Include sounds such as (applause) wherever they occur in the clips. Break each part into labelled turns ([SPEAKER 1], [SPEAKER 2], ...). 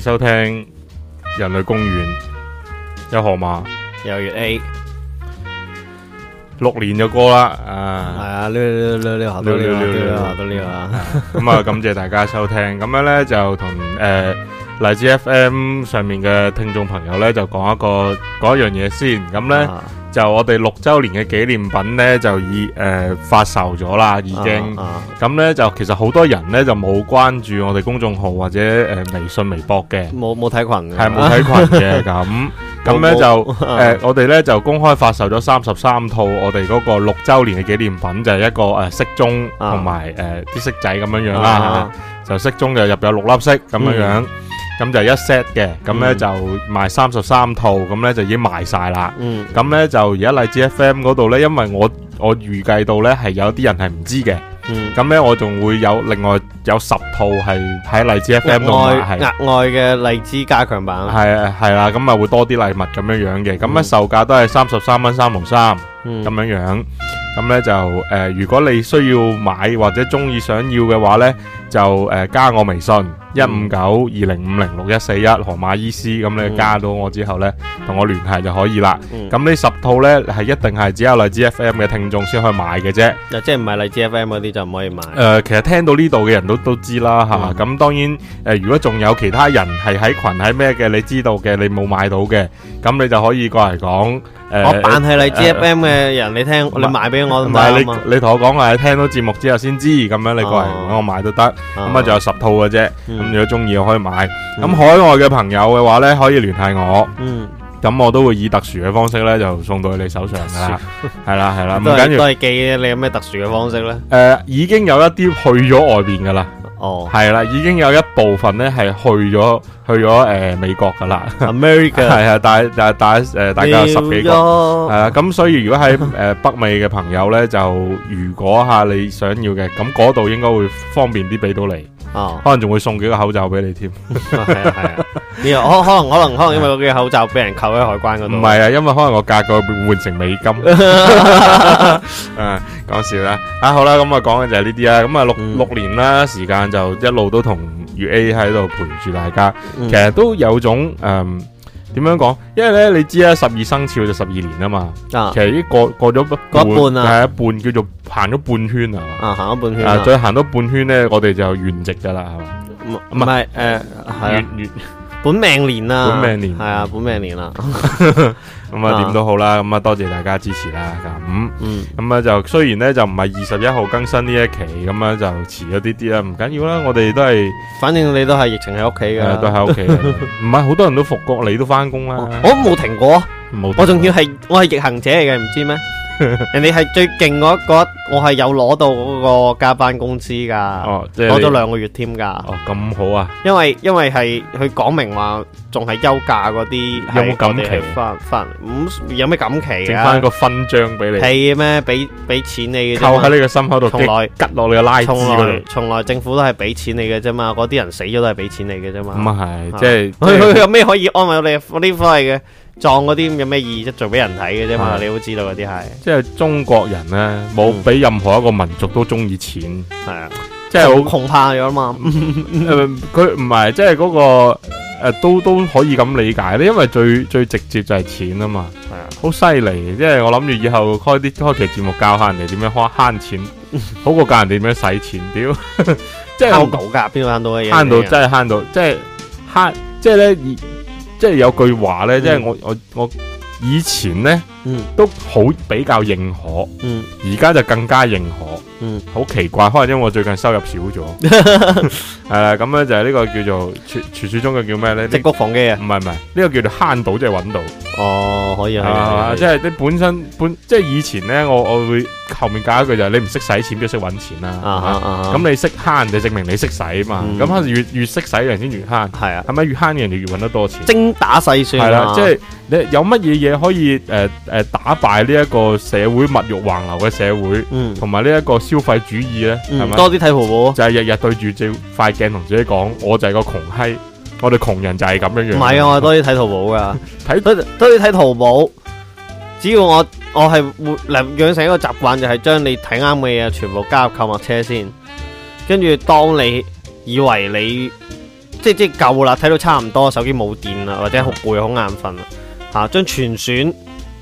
[SPEAKER 1] 收聽人類公園，有河馬，有月 A，六年嘅歌啦，啊，係啊，撩撩撩撩好多，撩撩撩撩好多撩啊！咁啊，感謝大家收聽，咁樣咧就同誒嚟自 FM 上面嘅聽眾朋友咧就講一個嗰一樣嘢先，咁咧。就我哋六周年嘅紀念品咧，就已誒發售咗啦，已經咁咧就其實好多人咧就冇關注我哋公眾號或者誒微信微博嘅，冇冇睇群，係冇睇群嘅，咁咁咧就誒我哋咧就公開發售咗三十三套我哋嗰個六周年嘅紀念品，就係一個誒骰盅同埋誒啲骰仔咁樣樣啦，就骰盅就入邊有六粒骰咁樣樣。咁就一 set 嘅，咁呢就賣三十三套，咁、嗯、呢就已經賣晒啦。咁、嗯、呢就而家荔枝 FM 嗰度呢，因為我我預計到呢係有啲人係唔知嘅，咁、嗯、呢我仲會有另外有十套係喺荔枝 FM 度賣，係額
[SPEAKER 2] 外嘅荔枝加強版，
[SPEAKER 1] 係係啦，咁啊會多啲禮物咁樣樣嘅，咁、嗯、呢售價都係三十三蚊三毫三，咁樣樣，咁呢就誒、呃，如果你需要買或者中意想要嘅話呢。就誒加我微信一五九二零五零六一四一河馬醫師，咁你加到我之後咧同我聯繫就可以啦。咁呢十套咧係一定係只有荔枝 F M 嘅聽眾先可以買嘅啫。
[SPEAKER 2] 即係唔係荔枝 F M 嗰啲就唔可以買。
[SPEAKER 1] 誒，其實聽到呢度嘅人都都知啦吓。咁當然誒，如果仲有其他人係喺群喺咩嘅，你知道嘅，你冇買到嘅，咁你就可以過嚟講。呃、我扮係你 GFM 嘅
[SPEAKER 2] 人、呃，你聽、呃、你買俾我唔係啊嘛！
[SPEAKER 1] 你同我講話你聽到節目之後先知咁樣，你過嚟、啊、我買都得。咁啊，仲有十套嘅啫，咁、嗯、如果中意我可以買。咁、嗯、海外嘅朋友嘅話咧，可以聯繫我。咁、嗯、我都會以特殊嘅方式咧，就送到你手上噶啦。係啦係啦，唔 (laughs) 緊要，要，都
[SPEAKER 2] 係寄。你有咩特殊嘅方式咧？
[SPEAKER 1] 誒、呃，已經有一啲去咗外邊噶啦。哦，係啦，已經有一部分咧係去咗去咗誒、呃、美國噶啦，America 係 (laughs) 啊，大大大誒，大概十幾個係啦，咁、呃、所以如果喺誒、呃、北美嘅朋友咧，就如果吓、啊、你想要嘅，咁嗰度應該會方便啲俾到你。哦、可能仲會送幾個口罩俾你添，
[SPEAKER 2] 係、哦、啊，你可、啊、 (laughs) 可能可能可能因為嗰幾個口罩俾人扣喺海關嗰度，唔係啊，
[SPEAKER 1] 因為可能我價格換成美金，誒、 (laughs) (laughs) (laughs) 啊，
[SPEAKER 2] 講笑啦，啊好啦，咁啊講
[SPEAKER 1] 嘅就係呢啲啦，咁啊六六年啦時間就一路都同粵 A 喺度陪住大家，其實都有種誒。嗯嗯點樣講？因為咧，你知啦、啊，十二生肖就十二年啊嘛。啊，其實已經過過咗一半啊，係、就是、一半叫做行咗半圈啊。啊，行咗半圈了啊，再行多半圈咧，我哋就完值噶啦，係
[SPEAKER 2] 嘛。唔係誒，係、呃、啊。本命年啦，本命年係啊，本命年啦，咁啊點都好啦，
[SPEAKER 1] 咁啊多謝大家支持啦咁，咁啊就雖然咧就唔係二十一號更新呢一期，咁樣就遲咗啲啲啦，唔緊要啦，我哋都係，反正你都係疫情喺屋企㗎，都喺屋企，
[SPEAKER 2] 唔係好多人都復國，你都翻工啦，我冇停過，
[SPEAKER 1] 我仲
[SPEAKER 2] 要係我係逆行者嚟嘅，唔知咩？人哋係最勁嗰一嗰，我係有攞到嗰個加班工資噶，攞咗兩個月添噶。哦，咁好啊！因為因為係佢講明話，仲係休假嗰啲有冇感期？發發咁有咩感期？整翻個勳章俾你。係咩？俾俾錢你嘅啫？扣喺你嘅心口度，從來拮落你嘅拉屎。從來從來政府都係俾錢你嘅啫嘛，嗰啲人死咗都係俾錢你嘅啫嘛。咁啊係，即係佢佢有咩可以安慰我哋呢塊嘅？撞嗰啲有咩意義啫？做俾人睇嘅啫嘛，啊、你都知道嗰啲係。
[SPEAKER 1] 即係、啊就是、中國人咧，冇比任何一個民族都中意錢，
[SPEAKER 2] 係啊，即係好窮怕咗嘛。佢唔係，即係嗰個
[SPEAKER 1] 誒、啊，都都可以咁理解咧。因為最最直接就係錢啊嘛，係啊，好犀利。即、就、係、是、我諗住以後開啲開期節目教下人哋點樣慳慳錢，好、嗯、過教人哋點樣使錢。屌， (laughs) 即係好搞噶，邊度慳到嘅？慳到真係慳到，即係慳，即係咧。即係有句話咧，嗯、即係、就是、我我我以前咧、嗯、都好比較認可，嗯、而家就更加認可。嗯，好奇怪，可能因為我最近收入少咗，係 (laughs) 啦、 (laughs) 啊，咁咧就係呢個叫做傳傳說中嘅叫咩咧？值谷房機啊？唔係唔係，呢、這個叫做慳到即係搵到。哦，可以係即係你本身本即係、就是、以前咧，我我會後面加一句就係、是、你唔識使錢，邊度識搵錢啦？啊啊啊！咁你識慳，就證明你識使啊嘛。咁、嗯、慳越越識使人先越慳，係啊。係咪越慳人哋越搵得多錢？精打細算係啦、啊，即、啊、係、就是、你有乜嘢嘢可以誒誒、呃呃、打敗呢一個社會物欲橫流嘅社會？同埋呢一個。消費主義呢、嗯，多啲睇淘寶？就係日日對住只塊鏡同自己講，我就係個窮閪，我
[SPEAKER 2] 哋窮人就係咁樣樣。唔係啊，我多啲睇淘寶噶，睇 (laughs) 多啲睇淘寶。只要我我係會養成一個習慣，就係將你睇啱嘅嘢全部加入購物車先，跟住當你以為你即係即係夠啦，睇到差唔多，手機冇電啦，或者好攰好眼瞓啦，吓、嗯、將、啊、全選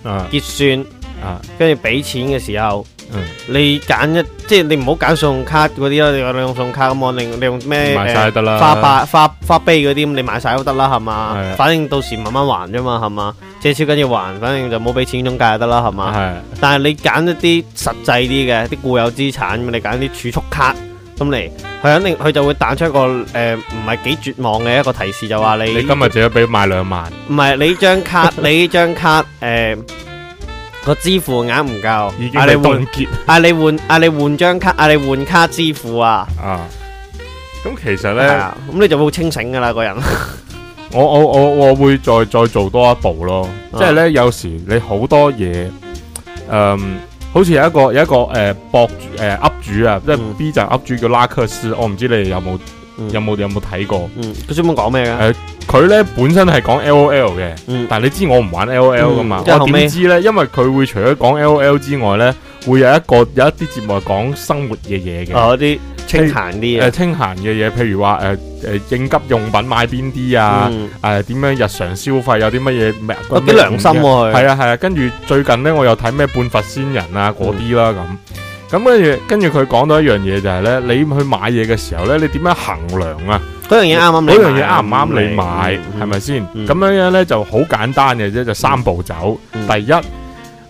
[SPEAKER 2] 啊、嗯、結算。啊，跟住俾錢嘅時候，嗯，你揀一即係你唔好揀信用卡嗰啲啦，你用信用卡咁我你，你用咩買晒得啦，呃、花得花花唄嗰啲咁你買晒都得啦係嘛，反正到時慢慢還啫嘛係嘛，借超跟住還，反正就冇俾錢中介就得啦係嘛，係，但係你揀一啲實際啲嘅，啲固有資產咁你揀啲儲蓄卡咁嚟，佢肯定佢就會彈出一個誒唔係幾絕望嘅一個提示就話你，你今日最多
[SPEAKER 1] 俾賣兩萬，
[SPEAKER 2] 唔係你張卡 (laughs) 你張卡誒。呃個支付額唔夠，阿你結，啊、你換，阿、 (laughs) 啊、你換張、啊、卡，啊、你換卡支付啊！啊，咁其實咧，咁、啊、你就會好清醒噶啦，個人。
[SPEAKER 1] (laughs) 我我我我會再再做多一步咯，即係咧有時你好多嘢，誒、嗯，好似有一個有一個誒、呃、博主誒、呃、up 主啊，即、就、係、是、B 站 up 主叫拉克斯，嗯、我唔知你哋有冇。嗯、有冇有冇睇過？佢專門講咩嘅？誒，佢、呃、咧本身係講 L O L 嘅，但係你知我唔玩 L O L 噶嘛？嗯、我點知咧？因為佢會除咗講 L O L 之外咧，會有一個有一啲節目係講生活嘅嘢嘅。啊、哦，啲清閒啲嘅，清閒嘅嘢，譬如話誒誒應急用品買邊啲啊？誒、嗯，點、呃、樣日常消費有啲乜嘢？有啲、啊啊、良心喎，係啊係啊。跟住、啊啊、最近咧，我又睇咩半佛仙人啊嗰啲啦咁。嗯咁跟住，跟住佢講到一樣嘢就係咧，你去買嘢嘅時候咧，你點樣衡量啊？嗰樣嘢啱唔啱？你嗰樣嘢啱唔啱？你買係咪先？咁、嗯嗯嗯、樣樣咧就好簡單嘅啫，就三步走。嗯、第一。嗯，第一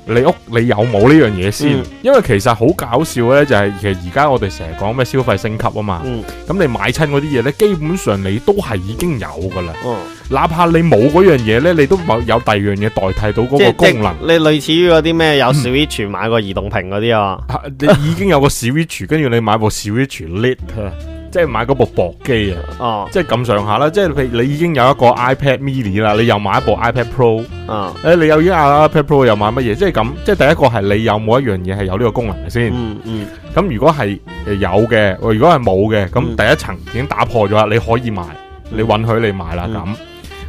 [SPEAKER 1] 你屋你有冇呢樣嘢先？嗯、因為其實好搞笑咧、就是，就係其實而家我哋成日講咩消費升級啊嘛。咁、嗯、你買親嗰啲嘢咧，基本上你都係已經有噶啦。嗯、哪怕你冇嗰樣嘢咧，你都有第二樣嘢代替到嗰個功能。你類似於嗰啲咩有 Switch 買個移動屏嗰啲啊？你已經有個 Switch，跟住你買部 Switch Lite。即係買嗰部薄機啊，即係咁上下啦。即係譬如你已經有一個 iPad Mini 啦，你又買一部 iPad Pro，誒、啊哎，你又已經 iPad Pro 又買乜嘢？即係咁，即係第一個係你有冇一樣嘢係有呢個功能先。咁、嗯嗯、如果係有嘅，如果係冇嘅，咁第一層已經打破咗，你可以買，嗯、你允許你買啦。咁、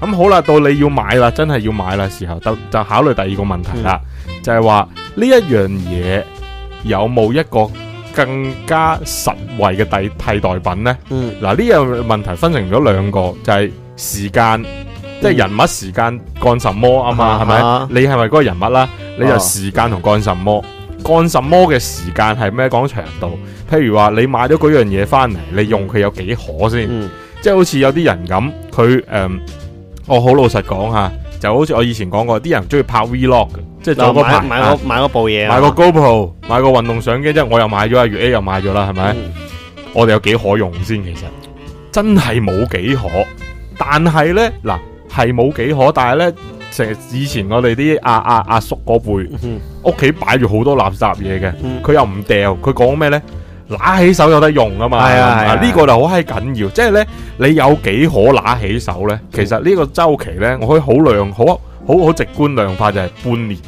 [SPEAKER 1] 嗯、咁好啦，到你要買啦，真係要買啦時候，就就考慮第二個問題啦、嗯，就係話呢一樣嘢有冇一個。更加實惠嘅替代品呢，嗱呢樣問題分成咗兩個，就係、是、時間，嗯、即係人物時間幹什麼啊嘛，係咪？你係咪嗰個人物啦？你就時間同幹什麼，啊啊、是是幹什麼嘅、啊、時間係咩？講長度，譬如話你買咗嗰樣嘢翻嚟，你用佢有幾可先？嗯、即係好似有啲人咁，佢誒、嗯，我好老實講吓，就好似我以前講過，啲人中意拍 Vlog。即係買買個,買
[SPEAKER 2] 個部嘢，買個
[SPEAKER 1] GoPro，買個運動相機，即係我又買咗阿月 A 又買咗啦，係咪、嗯？我哋有幾可用先？其實真係冇幾可，但係咧嗱，係冇幾可，但係咧成日以前我哋啲阿阿阿叔嗰輩，屋企擺住好多垃圾嘢嘅，佢、嗯、又唔掉，佢講咩咧？拿起手有得用啊嘛，呢、嗯啊這個就好閪緊要，即係咧你有幾可拿起手咧、嗯？其實個呢個周期咧，我可以好量，好好好直觀量化就係、是、半年。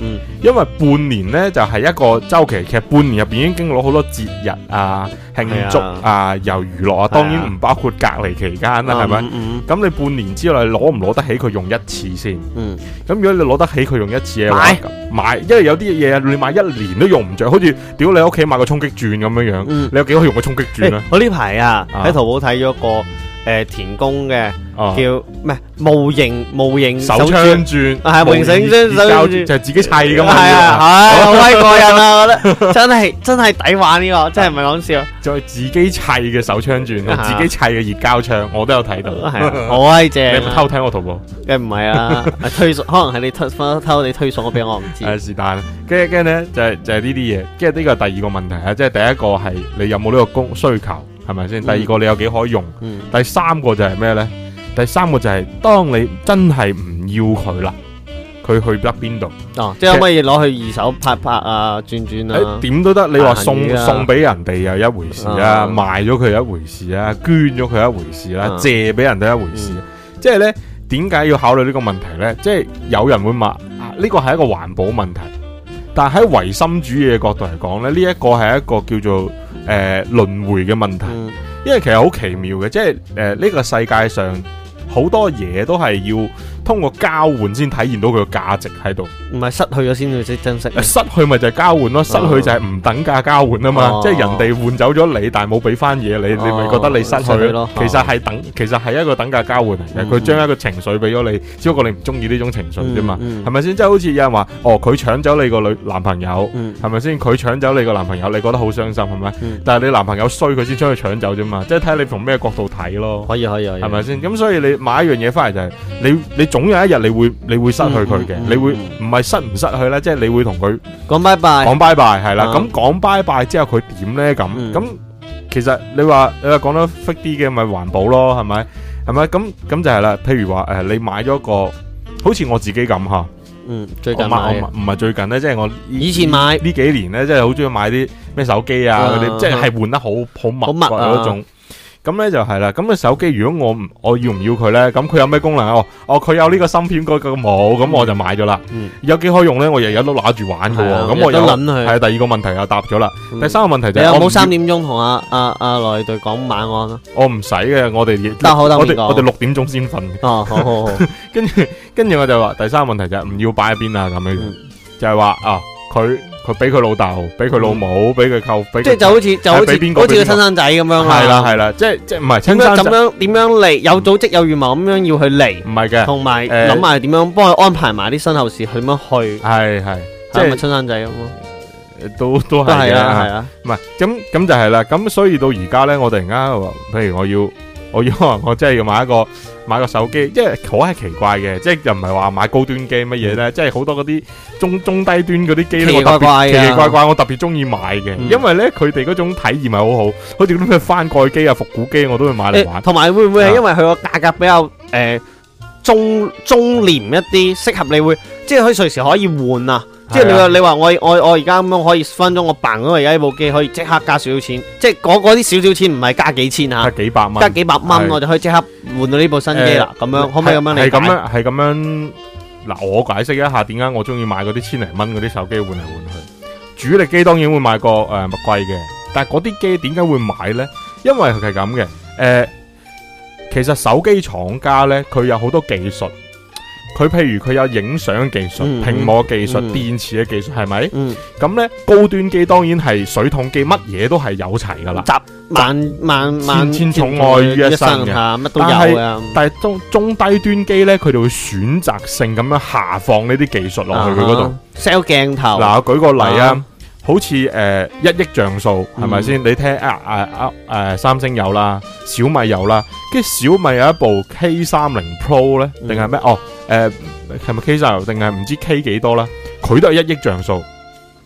[SPEAKER 1] 嗯，嗯，因為半年呢，就係、是、一個周期，其實半年入邊已經經過好多節日啊、慶祝啊、又娛樂啊，當然唔包括隔離期間啦，係、嗯、咪？咁、嗯嗯、你半年之內攞唔攞得起佢用一次先？嗯，咁如果你攞得起佢用一次嘅話買，買，因為有啲嘢你買一年都用唔着，好似屌你屋企買個衝擊鑽咁樣樣、嗯，你有幾可以用
[SPEAKER 2] 個衝擊鑽呢？欸、我呢排啊喺、啊、淘寶睇咗一個。誒、呃，田工嘅叫咩？模型模型手槍轉，係模型手槍、啊、手槍轉，就係、是、自己砌噶嘛？係啊，好
[SPEAKER 1] 鬼過癮啊！我覺得
[SPEAKER 2] 真係真係抵玩呢、這個，啊、真係唔係講
[SPEAKER 1] 笑。再、就是、自己砌嘅手槍轉、啊，自己砌嘅熱膠槍，我都有睇到，好威、啊、正、啊。你唔偷聽我淘寶？梗唔係啦， (laughs) 是推可能係你偷偷你推送咗俾我，唔知。誒、 (laughs) 啊，就是但。跟住跟住就係就係呢啲嘢。跟住呢個第二個問題啊，即係第一個係你有冇呢個工需求。係咪先？第二個你有幾可以用，嗯嗯？第三個就係咩呢？第三個就係當你真係唔要佢啦，佢去得邊度？即係可唔可
[SPEAKER 2] 以攞去二手拍拍啊，轉轉啊？誒、欸，點都得。你話送、啊、送
[SPEAKER 1] 俾人哋又一回事啊，啊賣咗佢一回事啊，捐咗佢一回事啦、啊，借俾人哋一回事、啊。即、啊、係、啊嗯就係、呢，點解要考慮呢個問題呢？即、就、係、係、有人會問，呢個係一個環保問題。但喺唯心主義嘅角度嚟講咧，呢一個係一個叫做誒、呃、輪迴嘅問題，因為其實好奇妙嘅，即係誒呢個世界上好多嘢都係要。通過交換先體現到佢個價值喺度，唔係失去咗先去識珍惜。失去咪就係交換咯，失去就係唔、oh. 等價交換啊嘛，oh. 即係人哋換走咗你，但係冇俾翻嘢你，oh. 你咪覺得你失去咯。其實係等，oh. 其實係一個等價交換，佢將一個情緒俾咗你，只不過你唔中意呢種情緒啫嘛，係咪先？即、就、係、是、好似有人話，哦，佢搶走你個女男朋友，係咪先？佢搶走你個男朋友，你覺得好傷心，係咪？是 mm-hmm. 但係你男朋友衰，佢先將佢搶走啫嘛，即係睇下你從咩角度睇咯。可以可以係咪先？咁所以你買一樣嘢翻嚟就係、是、你你。你總有一日你會你會失去佢嘅，嗯嗯嗯，你會唔係失唔失去咧？即、嗯、係、就是，你會同佢講拜拜。拜拜，講拜拜係啦。咁、啊、講拜拜之後佢點咧？咁、嗯、咁其實你話你話講得 fit 啲嘅，咪環保咯，係咪？係咪咁咁就係啦。譬如話誒，你買咗個好似我自己咁吓，嗯，
[SPEAKER 3] 最近買唔
[SPEAKER 1] 係最近咧，即、就、係、是、我以前買呢幾年咧，即係好中意買啲咩手機啊嗰啲，即係係換得好、嗯、好密啊嗰種。啊咁咧就係、是、啦，咁個手機如果我唔我要唔要佢咧，咁佢有咩功能哦，哦佢有呢個芯片嗰、那個冇。咁我就買咗啦、嗯。有幾可用咧？我日日都拿住玩噶喎。咁我，我有。係第二個問題又答咗啦、嗯。第三個問題就係有冇三
[SPEAKER 2] 點鐘同阿阿阿羅隊講晚安咯。
[SPEAKER 1] 我唔使嘅，我哋我哋我哋六點鐘先瞓。哦，好好好。好 (laughs) 跟住跟住我就話第三個問題就唔、是、要擺喺邊啊，咁樣就係話啊佢。佢俾佢老豆，俾佢老母，俾佢舅，即係就好似就好似好似個親生仔咁樣啦。係啦係啦，即
[SPEAKER 2] 係即係唔係親生。點樣點樣嚟？有組織有預謀咁樣要去嚟？唔係嘅，同埋諗埋點樣幫佢安排埋啲身後事，點樣去？係係，即係咪親生仔咁咯，都都係嘅，係啊，唔係咁咁就係啦。
[SPEAKER 1] 咁所以到而家咧，我哋而家譬如我要。我我，真係要買一個買個手機，即係可係奇怪嘅，即係又唔係話買高端機乜嘢咧，即係好多嗰啲中中低端嗰啲機呢，奇奇怪怪，怪，奇奇怪怪，我特別中意買嘅，因為咧佢哋嗰種體驗係好好，好似嗰啲咩翻蓋機啊、復古機我都會
[SPEAKER 2] 買嚟玩。同、欸、埋會唔會係因為佢個價格比較誒、嗯、中中年一啲，適合你會即係佢可以隨時可以換啊？即係你話、啊、你話我我我而家咁樣可以分鐘我辦咁啊！而家呢部機可以即刻加少少錢，即係嗰啲少少錢唔係加幾千吓，加幾百蚊，加幾百蚊我就可以即刻換到呢部新機啦。咁、呃、樣可唔可以咁樣你？係咁樣，係
[SPEAKER 1] 咁樣。嗱，我解釋一下點解我中意買嗰啲千零蚊嗰啲手機換嚟換去。主力機當然會買個誒唔貴嘅，但係嗰啲機點解會買呢？因為係咁嘅。誒、呃，其實手機廠家呢，佢有好多技術。佢譬如佢有影相技術、嗯、屏幕技術、嗯、電池嘅技術，係咪？咁、嗯、咧高端機當然係水桶機，乜嘢都係有齊噶啦，集
[SPEAKER 2] 萬萬萬千寵愛於一身，乜都有、啊。但係
[SPEAKER 1] 中中低端機咧，佢哋會選擇性咁樣下放呢啲技術落去佢嗰度 sell 鏡頭。嗱、啊，我舉個例啊。Uh-huh. 好似誒、呃、一億像素係咪先？你聽誒誒誒三星有啦，小米有啦，跟住小米有一部 K 三零 Pro 咧，定係咩？哦，誒係咪 K 三零定係唔知 K 幾多啦？佢都係一億像素。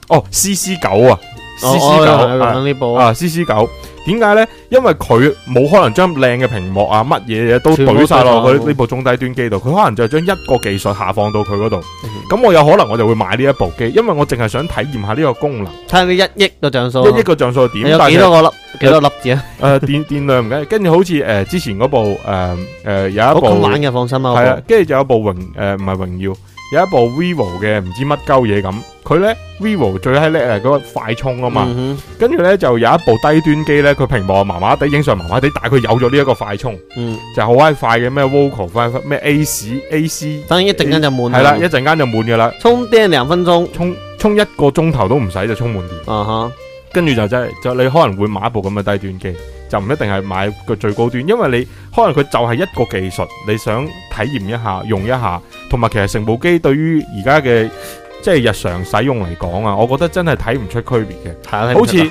[SPEAKER 1] 哦，CC 九啊，CC 九啊，CC 九。CC9，哦 uh, uh, uh, uh, 點解咧？因為佢冇可能將靚嘅屏幕啊，乜嘢嘢都懟晒落去呢部中低端機度，佢可能就係將一個技術下放到佢嗰度。咁我有可能我就會買呢一部機，因為我淨係想體驗下呢個功能。
[SPEAKER 2] 睇下你一億個像素，一億個
[SPEAKER 1] 像素點？有幾多個粒？幾多粒字啊？誒、呃，電電量唔緊，跟住好似誒、呃、之前嗰部誒誒、呃呃、有一部好玩嘅，放心啊，係啊，跟住就有一部榮誒唔係榮耀。有一部 vivo 嘅唔知乜鳩嘢咁，佢咧 vivo 最閪叻係嗰個快充啊嘛，跟住咧就有一部低端機咧，佢屏幕麻麻地，影相麻麻地，大概佢有咗呢一個快充、嗯，就好閪快嘅咩 vocal 咩
[SPEAKER 2] ac、嗯、ac，等一陣間就滿，係啦一
[SPEAKER 1] 陣間就滿噶啦，充電兩分鐘，充充一個鐘頭都唔使就充滿電，啊哈，跟住就真係就你可能會買一部咁嘅低端機。就唔一定係買個最高端，因為你可能佢就係一個技術，你想體驗一下、用一下，同埋其實成部機對於而家嘅即係日常使用嚟講啊，我覺得真係睇唔出區別嘅。係啊，好似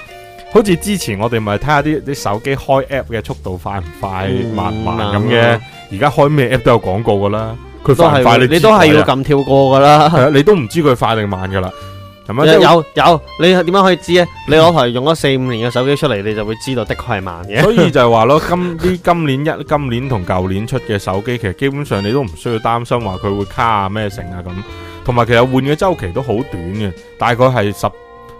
[SPEAKER 1] 好似之前我哋咪睇下啲啲手機開 app 嘅速度快唔快、嗯、慢慢咁嘅。而、嗯、家開咩 app
[SPEAKER 2] 都有廣告噶啦，佢快唔快你都係要撳跳過噶啦。你都唔知佢快定慢噶啦。是是就是，有有，你點樣可以知咧？嗯、你攞台用咗四五年嘅手機出嚟，你就會
[SPEAKER 1] 知道的確係慢嘅。所以就係話咯， (laughs) 今啲今年一今年同舊年出嘅手機，其實基本上你都唔需要擔心話佢會卡啊咩成啊咁。同埋其實換嘅周期都好短嘅，大概係十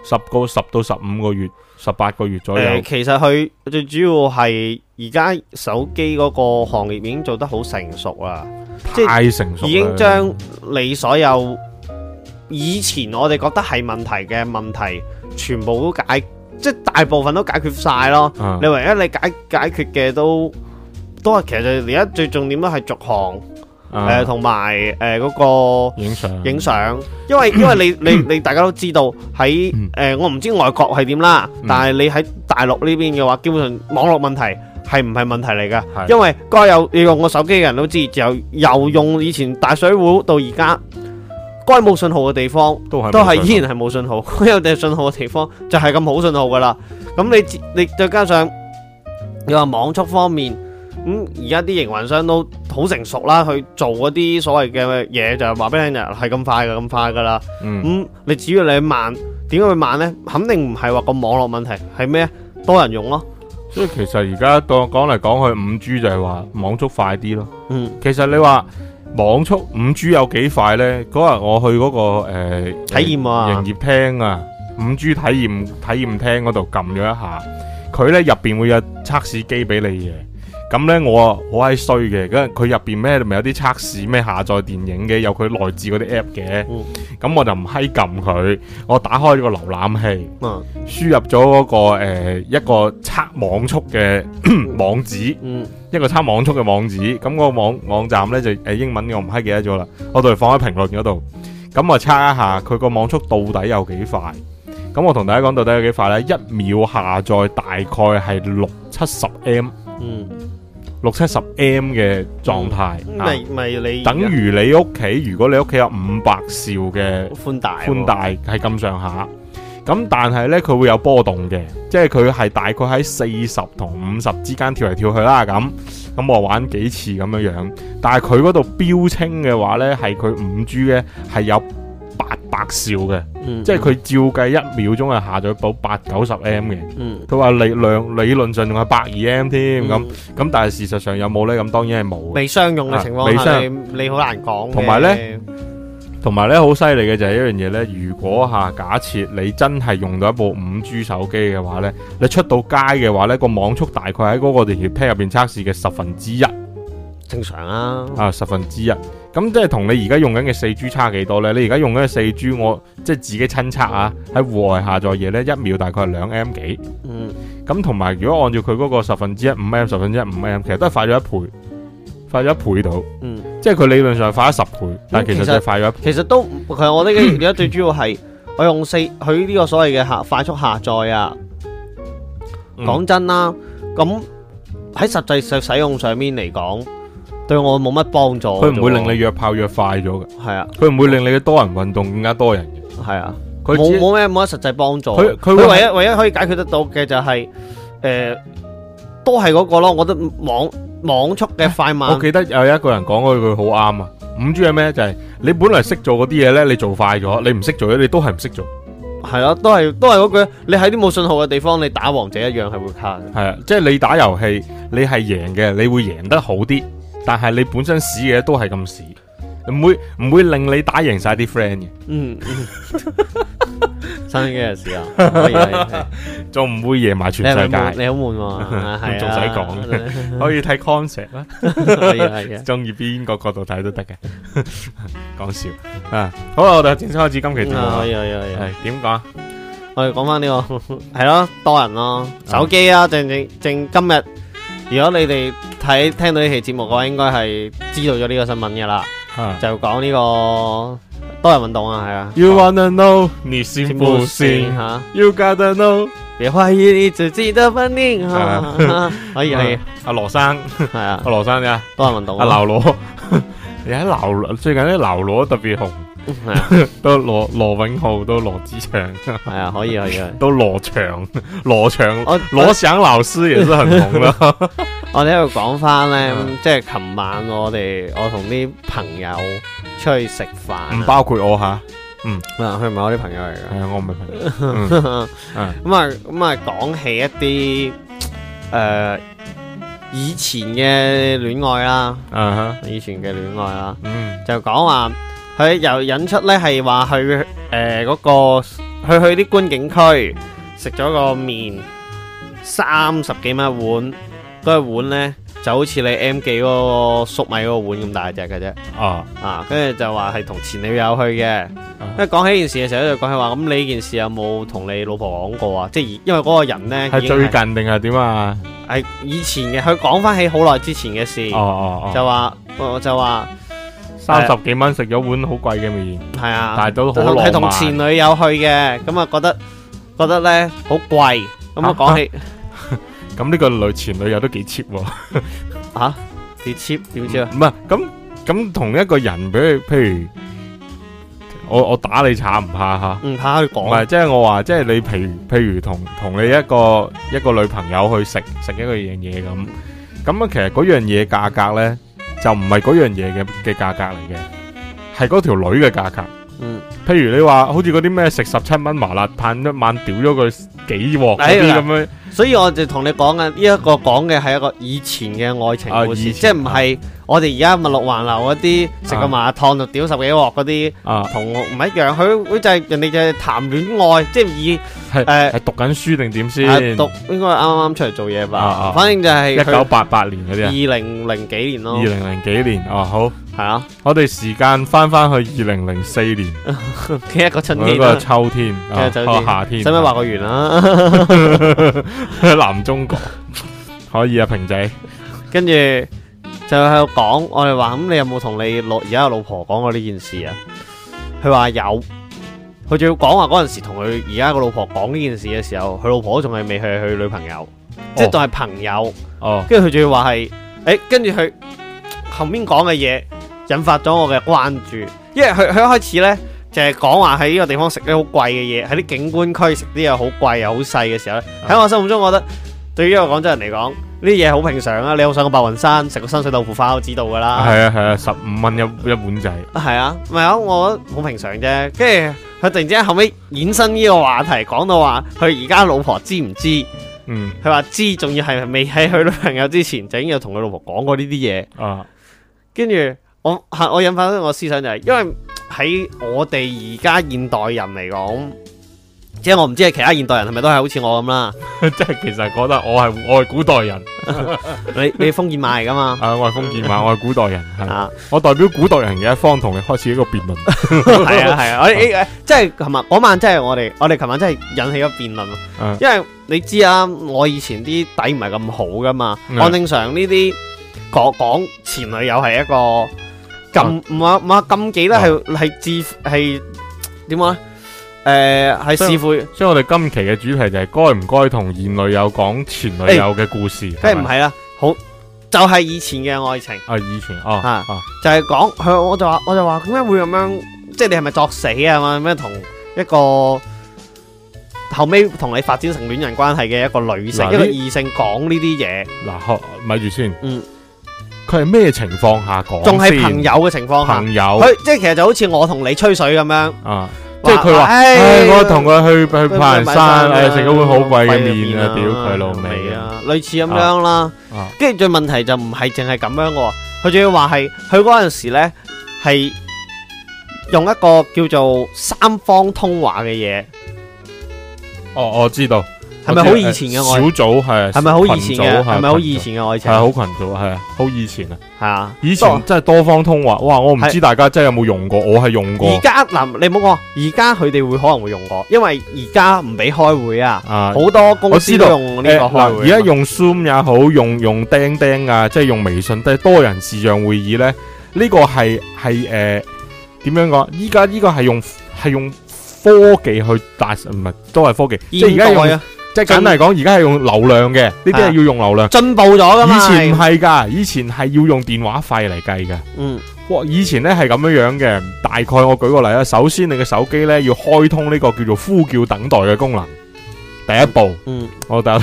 [SPEAKER 1] 十個十到十五個月、十八個月左右。呃、其
[SPEAKER 2] 實佢最主要係而家手機嗰個行業已經做得好成熟啦，太成熟，已經將你所有。以前我哋覺得係問題嘅問題，全部都解，即係大部分都解決曬咯。你唯一你解解決嘅都都係其實而家最重點都係續航，誒同埋誒嗰個影相影相，因為因為你你你大家都知道喺誒我唔知外國係點啦，但係你喺大陸呢邊嘅話，基本上網絡問題係唔係問題嚟㗎？因為該有你用我手機嘅人都知，就由用以前大水壺到而家。冇信號嘅地方都係依然係冇信號，有啲信號嘅 (laughs) 地方就係咁好信號噶啦。咁你你再加上你話網速方面，咁而家啲營運商都好成熟啦，去做嗰啲所謂嘅嘢就係話俾你聽係咁快嘅，咁快噶啦。咁、嗯嗯、你只要你慢，點解會慢呢？肯定唔係話個網絡問題，係咩？多人用咯。所以其實而家講講嚟講去，五 G 就係話網速快啲咯。嗯，其
[SPEAKER 1] 實你話。嗯網速五 G 有幾快呢？嗰日我去嗰、嗰個誒、呃啊、營業廳啊，五 G 體驗體驗廳嗰度撳咗一下，佢呢入邊會有測試機俾你嘅。咁呢，我啊，好閪衰嘅，咁佢入邊咩咪有啲測試咩下載電影嘅，有佢內置嗰啲 app 嘅。咁、嗯、我就唔閪撳佢，我打開咗個瀏覽器，輸、嗯、入咗嗰、嗰個誒、呃、一個測網速嘅 (coughs) 網址。嗯一個測網速嘅網址，咁個網網站呢，就誒英文我唔係記得咗啦，我都係放喺評論嗰度，咁我測一下佢個網速到底有幾快？咁我同大家講到底有幾快呢？一秒下載大概係六七十 M，嗯，六七十 M 嘅狀態，咪、嗯、
[SPEAKER 2] 咪、啊、你等
[SPEAKER 1] 於你屋企，如果你屋企有五百兆嘅寬帶，寬帶係咁上下。咁但係呢，佢會有波動嘅，即係佢係大概喺四十同五十之間跳嚟跳去啦。咁咁我玩幾次咁樣樣，但係佢嗰度標稱嘅話呢，係佢五 G 嘅係有八百兆嘅，嗯，即係佢照計一秒鐘係下載到八九十 M 嘅。佢、嗯、話理量理論上仲係百二 M 添咁，咁、嗯、但係事實上有冇呢？咁當然係冇。未商用嘅情況下，啊、未商用
[SPEAKER 2] 你你好難講。同埋呢
[SPEAKER 1] 同埋咧，好犀利嘅就係一樣嘢咧。如果吓、啊、假設你真係用到一部五 G 手機嘅話咧，你出到街嘅話咧，個網速大概喺嗰個地鐵廳入邊測試嘅十分之一，正常啊。啊，十分之一，咁即係同你而家用緊嘅四 G 差幾多咧？你而家用緊嘅四 G，我即係自己親測啊，喺戶外下載嘢咧，一秒大概係兩 M 幾。嗯。咁同埋，如果按照佢嗰個十分之一五 M，十分之一五 M，其實都係快咗一倍。快咗一倍到，嗯，即係佢理論上係快咗十倍，但係其實就快
[SPEAKER 2] 咗一倍其。其實都，其實我哋而家最主要係 (coughs) 我用四，佢呢個所謂嘅下快速下載啊。講、嗯、真啦，咁喺實際上使用上面嚟講，對我冇乜幫助。佢唔會令你約炮約快咗嘅，係啊。佢唔會令你嘅多人運動更加多人，係啊。佢冇冇咩冇乜實際幫助。佢唯一唯一可以解決得到嘅就係、是，誒、呃，都係嗰個咯，我覺得網。網速嘅快慢，我記
[SPEAKER 1] 得有一個人講嗰句好啱啊。五 G 係咩？就係、是、你本來識做嗰啲嘢，呢，你做快咗，你唔識做咧，你都係唔識做。係啊，都係都係嗰句，你喺啲冇信號嘅地方，你打王者一樣係會卡嘅。係啊，即係你打遊戲，你係贏嘅，你會贏得好啲，但係你本身屎嘅都係咁屎。唔會唔會令你打贏晒啲 friend 嘅。嗯，新嘅事啊，就唔會夜埋全世界。你好悶喎，係啊，仲使講？可以睇 concept 啦，係啊係啊，中意邊
[SPEAKER 2] 個角度睇都得嘅。講笑啊，好啦，我哋正式開始今期節目。可以可以可以。點講？我哋講翻呢個係咯，多人咯，手機啊，正正正今日，如果你哋睇聽到呢期節目嘅話，應該係知道咗呢個新聞嘅啦。 (music) 就講呢、這個多人運動啊，係啊。You
[SPEAKER 1] wanna know，你
[SPEAKER 2] 信不信吓？You gotta know，別懷疑自己的本領吓。
[SPEAKER 1] 可以可以，阿羅生係啊，阿、啊、羅、啊啊、生點啊羅生？多人運動、啊，阿劉羅，你睇劉最近啲劉羅特別紅。啊、都羅羅永浩，
[SPEAKER 2] 都羅志祥，係啊，可以、啊，可以，都羅翔，羅翔，羅翔老師也是很紅啦、 (laughs) 嗯。我哋喺度講翻咧，即係琴晚我哋我同啲朋友出去食飯，唔包括我吓，嗯，嗱、啊，佢唔係我啲朋友嚟嘅，係、嗯、啊，我唔係朋友，咁、嗯、啊，咁 (laughs) 啊、嗯，講起一啲誒以前嘅戀愛啦，嗯，以前嘅戀愛啦、嗯嗯，嗯，就講話。佢又引出咧，係話去誒嗰個去去啲觀景區食咗個麵，三十幾蚊一碗，都係個碗咧就好似你 M 記嗰個粟米嗰個碗咁大隻嘅啫。哦、oh.，啊，跟住就話係同前女友去嘅。跟、oh. 因為講起件事嘅時候咧，就講起話，咁你呢件事有冇同你老婆講過啊？即係因為嗰個人咧係最近定係點啊？係以前嘅，佢講翻起好耐之前嘅事，oh. Oh. Oh. 就話就話。三十幾蚊食咗碗好貴嘅麵，係啊，但係都好同前女友去嘅，咁啊覺得覺得咧好貴，咁啊講起，
[SPEAKER 1] 咁呢 (laughs) 個女前女友都幾 cheap，
[SPEAKER 2] 吓？幾 cheap？點知啊？唔係，咁
[SPEAKER 1] 咁同一個人，比如譬如我我打你慘唔怕吓？唔怕去講。唔係，即係我話，即係你譬如譬如同同你一個一個女朋友去食食一個樣嘢咁，咁啊其實嗰樣嘢價格咧。就唔係嗰樣嘢嘅嘅價格嚟嘅，係嗰條女嘅價格。嗯，譬如你話好似嗰啲咩
[SPEAKER 2] 食十七蚊麻辣燙一晚屌咗佢幾鑊嗰啲咁樣，所以我就同你講嘅呢一個講嘅係一個以前嘅愛情故事，啊、即係唔係。啊我哋而家咪六環流嗰啲食個麻辣燙就屌十幾鑊嗰啲，同唔一樣。佢佢就係人哋就係談戀愛，即係以誒，係讀緊書定點先？係讀應該係啱啱出嚟做嘢吧。啊啊！反正就係一九八八年嗰啲啊。二零零幾年咯。二零
[SPEAKER 1] 零幾年哦，好係啊。我哋時間翻翻去二零零四年，一個春天，一個秋天，一個夏天。使唔使畫個圓啦？去南中國
[SPEAKER 2] 可以啊，平仔，跟住。就喺度講，我哋話咁，你有冇同你老而家嘅老婆講過呢件事啊？佢話有，佢仲要講話嗰陣時同佢而家個老婆講呢件事嘅時候，佢老婆仲係未去佢女朋友，哦、即係當係朋友。哦，跟住佢仲要話係，誒，跟住佢後面講嘅嘢，引發咗我嘅關注，因為佢佢一開始呢，就係講話喺呢個地方食啲好貴嘅嘢，喺啲景觀區食啲嘢好貴又好細嘅時候呢，喺我心目中，我覺得對於一個廣州人嚟講。呢啲嘢好平常啊！你好上個白雲山食個山水豆腐花都知道噶啦。係
[SPEAKER 1] 啊係啊，十五蚊一一碗仔。
[SPEAKER 2] 係啊，唔係啊，我好平常啫。跟住佢突然之間後尾衍生呢個話題，講到話佢而家老婆知唔知？嗯，佢話知，仲要係未喺佢女朋友之前，就已經有同佢老婆講過呢啲嘢。啊，跟住我吓我引發咗我思想就係，因為喺我哋而家現代人嚟講。即、就、係、是、我唔知係其他現代人係咪都係好似我咁啦？即係其實覺得我係我係古、， (laughs) 啊、 (laughs) 古代人，你你封建賣噶嘛？我係封建賣，我係古代人，
[SPEAKER 1] 我代表古代人嘅一方同你開始一個辯論。
[SPEAKER 2] 係啊係啊，啊啊 (laughs) 即係琴日晚，即係我哋我哋琴晚真係引起咗辯論。嗯、因為你知道啊，我以前啲底唔係咁好噶嘛。的按正常呢啲講講前女友係一個禁唔係唔係禁忌啦，係係自係點啊？誒、呃，係師傅，所以，
[SPEAKER 1] 所以我哋今期嘅主題就係該唔該同現女友講前女友嘅故事，梗係唔
[SPEAKER 2] 係啦，係，係好就係、係、以前嘅愛情，啊以前哦，係啊、就係講，佢我就話，我就話，點解會咁樣？即係你係咪作死啊？咁樣同一個後尾同你發展成戀人關係嘅一個女性，啊、一個異性講呢啲嘢，
[SPEAKER 1] 嗱、啊，咪住先，嗯，佢係咩情況下講？仲係朋友嘅情況下，朋友，佢
[SPEAKER 2] 即係其實就好似我同你吹水咁樣，啊。即係佢話，唉、哎哎，我同佢
[SPEAKER 1] 去去爬山，唉，食咗碗好貴嘅麵啊，屌佢老味啊，
[SPEAKER 2] 類似咁樣啦、啊。跟、啊、住最問題就唔係淨係咁樣嘅，佢仲要話係，佢嗰陣時咧係用一個叫做三方通話嘅嘢。
[SPEAKER 1] 哦，我知道。係咪好以前嘅？小組係，係咪好以前嘅？係咪好以前嘅愛情？係好羣組啊，係啊，好以前啊，
[SPEAKER 2] 係啊。以前
[SPEAKER 1] 真係多方通話。哇，我唔知大家真係有冇用過。係我係用過。而家
[SPEAKER 2] 嗱，你唔好講。而家佢哋會可能會用過，因為而家唔俾開會啊。啊，好多公司都用呢個開會。而家
[SPEAKER 1] 用 Zoom 也好，用用釘釘啊，即係用微信多多人視像會議咧。呢、呢個係係誒點樣講？依家呢個係用係用科技去達唔係都係科技。而家即係簡單嚟講，而家係用流量嘅，呢啲係要用流量。啊，進步咗噶嘛？以前唔係噶，以前係要用電話費嚟計嘅。嗯，我以前呢係咁樣樣嘅。大概我舉個例啊。首先你嘅手機呢，要開通呢個叫做呼叫等待嘅功能。第一步，嗯，我覺得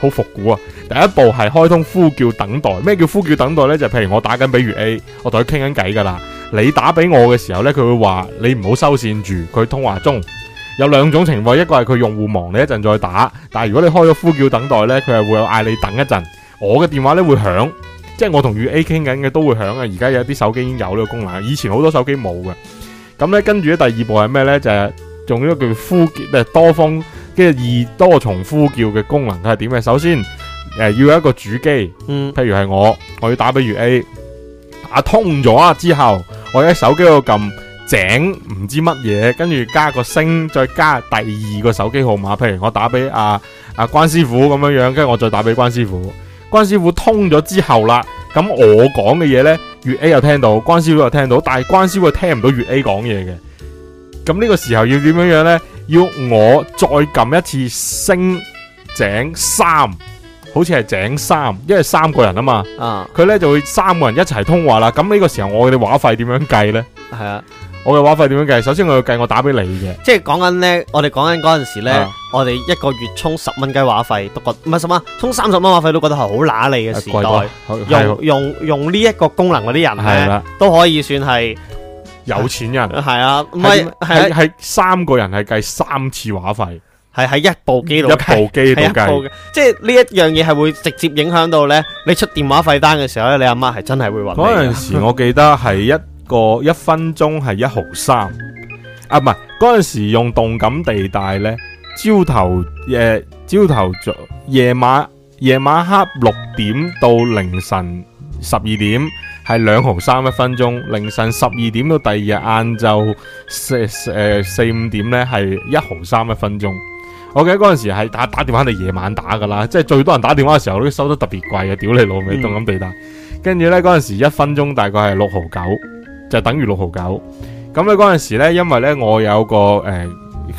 [SPEAKER 1] 好復古啊。第一步係開通呼叫等待。咩叫呼叫等待呢？就是、譬如我打緊比如 A，我同佢傾緊偈噶啦。你打俾我嘅時候呢，佢會話你唔好收線住，佢通話中。有兩種情況，一個係佢用戶忙，你一陣再打；但係如果你開咗呼叫等待呢，佢係會嗌你等一陣。我嘅電話呢會響，即、就、係、是、我同粵 A 傾緊嘅都會響啊！而家有啲手機已經有呢個功能，以前好多手機冇嘅。咁呢，跟住咧第二步係咩呢？就係、是、用咗叫呼叫，咩多方跟住二多重呼叫嘅功能係點嘅？首先誒、呃、要有一個主機，嗯、譬如係我，我要打俾粵 A，打通咗之後，我喺手機度撳。井唔知乜嘢，跟住加個星，再加第二個手機號碼。譬如我打俾阿阿關師傅咁樣樣，跟住我再打俾關師傅。關師傅通咗之後啦，咁我講嘅嘢呢，粵 A 又聽到，關師傅又聽到，但係關師傅又聽唔到粵 A 講嘢嘅。咁呢個時候要點樣樣呢？要我再撳一次星井三，好似係井三，因為三個人啊嘛。佢、嗯、呢就會三個人一齊通話啦。咁呢個時候我哋話費點樣計呢？係啊。我嘅話費點樣計？首先我要計我打俾你嘅，
[SPEAKER 2] 即係講緊咧，我哋講緊嗰陣時咧、啊，我哋一個月充十蚊雞話費都覺得唔係十蚊，充三十蚊話費都覺得係好乸利嘅時代。啊啊、用、啊、用用呢一個功能嗰啲人咧，都可以算係有錢人。係啊，唔係係三個人係計三次話費，係喺一部機度，一部機度計，即係呢一樣嘢係會直接影響到咧。你出電話費單嘅時候咧，你阿媽係真係會搵。嗰陣時我
[SPEAKER 1] 記得係一。 (laughs) 一個一分鐘係一毫三啊，唔係，嗰陣時用動感地帶呢，朝頭誒、呃、朝頭早，夜晚夜晚黑六點到凌晨十二點係兩毫三一分鐘，凌晨十二點到第二日晏晝四誒四,四,四五點呢，係一毫三一分鐘。我記得嗰陣時係打打電話係夜晚打噶啦，即係最多人打電話嘅時候都收得特別貴嘅，屌你老味！動感地帶跟住呢，嗰陣時一分鐘大概係六毫九。就等於六毫九。咁咧嗰陣時咧，因為咧我有個、呃、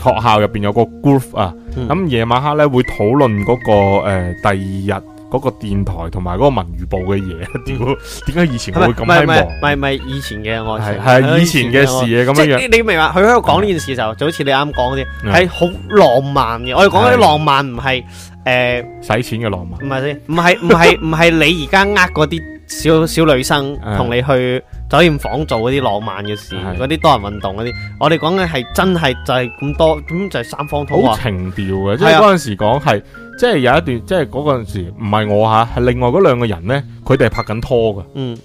[SPEAKER 1] 學校入面有個 group 啊、嗯，咁夜晚黑咧會討論嗰、嗰個、呃、第二日嗰個電台同埋嗰個文娛部嘅嘢。點解以前我會咁希望？唔
[SPEAKER 2] 係唔係以前嘅愛係以前嘅事嘅咁樣你。你明白佢喺度講呢件事時候、嗯，就好似你啱講嗰啲係好浪漫嘅。我哋講嗰啲浪漫唔係誒使錢嘅浪漫。唔係先，唔係唔係唔係你而家呃嗰啲小小女生同你去。嗯酒店房做嗰啲浪漫嘅事，嗰啲多人運動嗰啲，我哋講嘅係真係就係咁多，咁就係三方通話。好情調嘅，即係嗰陣時講係，即係有一段，即係嗰陣
[SPEAKER 1] 時唔係我吓，係另外嗰兩個人咧，佢哋係拍緊拖㗎。嗯，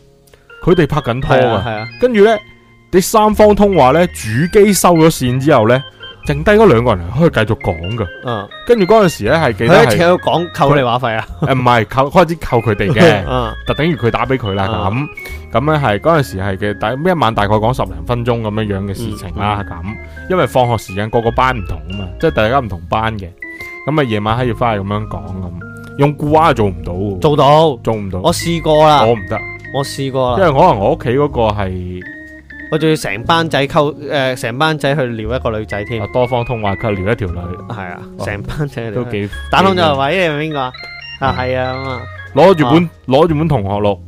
[SPEAKER 1] 佢哋拍緊拖㗎，係啊，跟住咧，啲三方通話咧，主機收咗線之後咧。剩低嗰兩個人可以繼續講噶，嗯，跟住嗰陣時咧係記得係佢喺度
[SPEAKER 2] 講扣你話費啊，誒
[SPEAKER 1] 唔係扣，開始扣佢哋嘅，就等於佢打俾佢啦咁，咁咧係嗰陣時係嘅，大咩一晚大概講十零分鐘咁樣嘅事情啦咁、嗯嗯，因為放學時間個個班唔同啊嘛，即係大家唔同班嘅，咁啊夜晚黑要返嚟咁樣講咁，用固
[SPEAKER 2] 話做唔到喎，做到，做唔到，我試過啦，我唔得，我試過啦，因為可能我屋企嗰個係。我仲要成班仔溝誒，成班仔去撩一個女仔添。啊，多方通話溝撩一條女係啊，成班仔都幾打通就係話，你係邊個啊？係啊，咁啊，
[SPEAKER 1] 攞住本攞住本同學錄，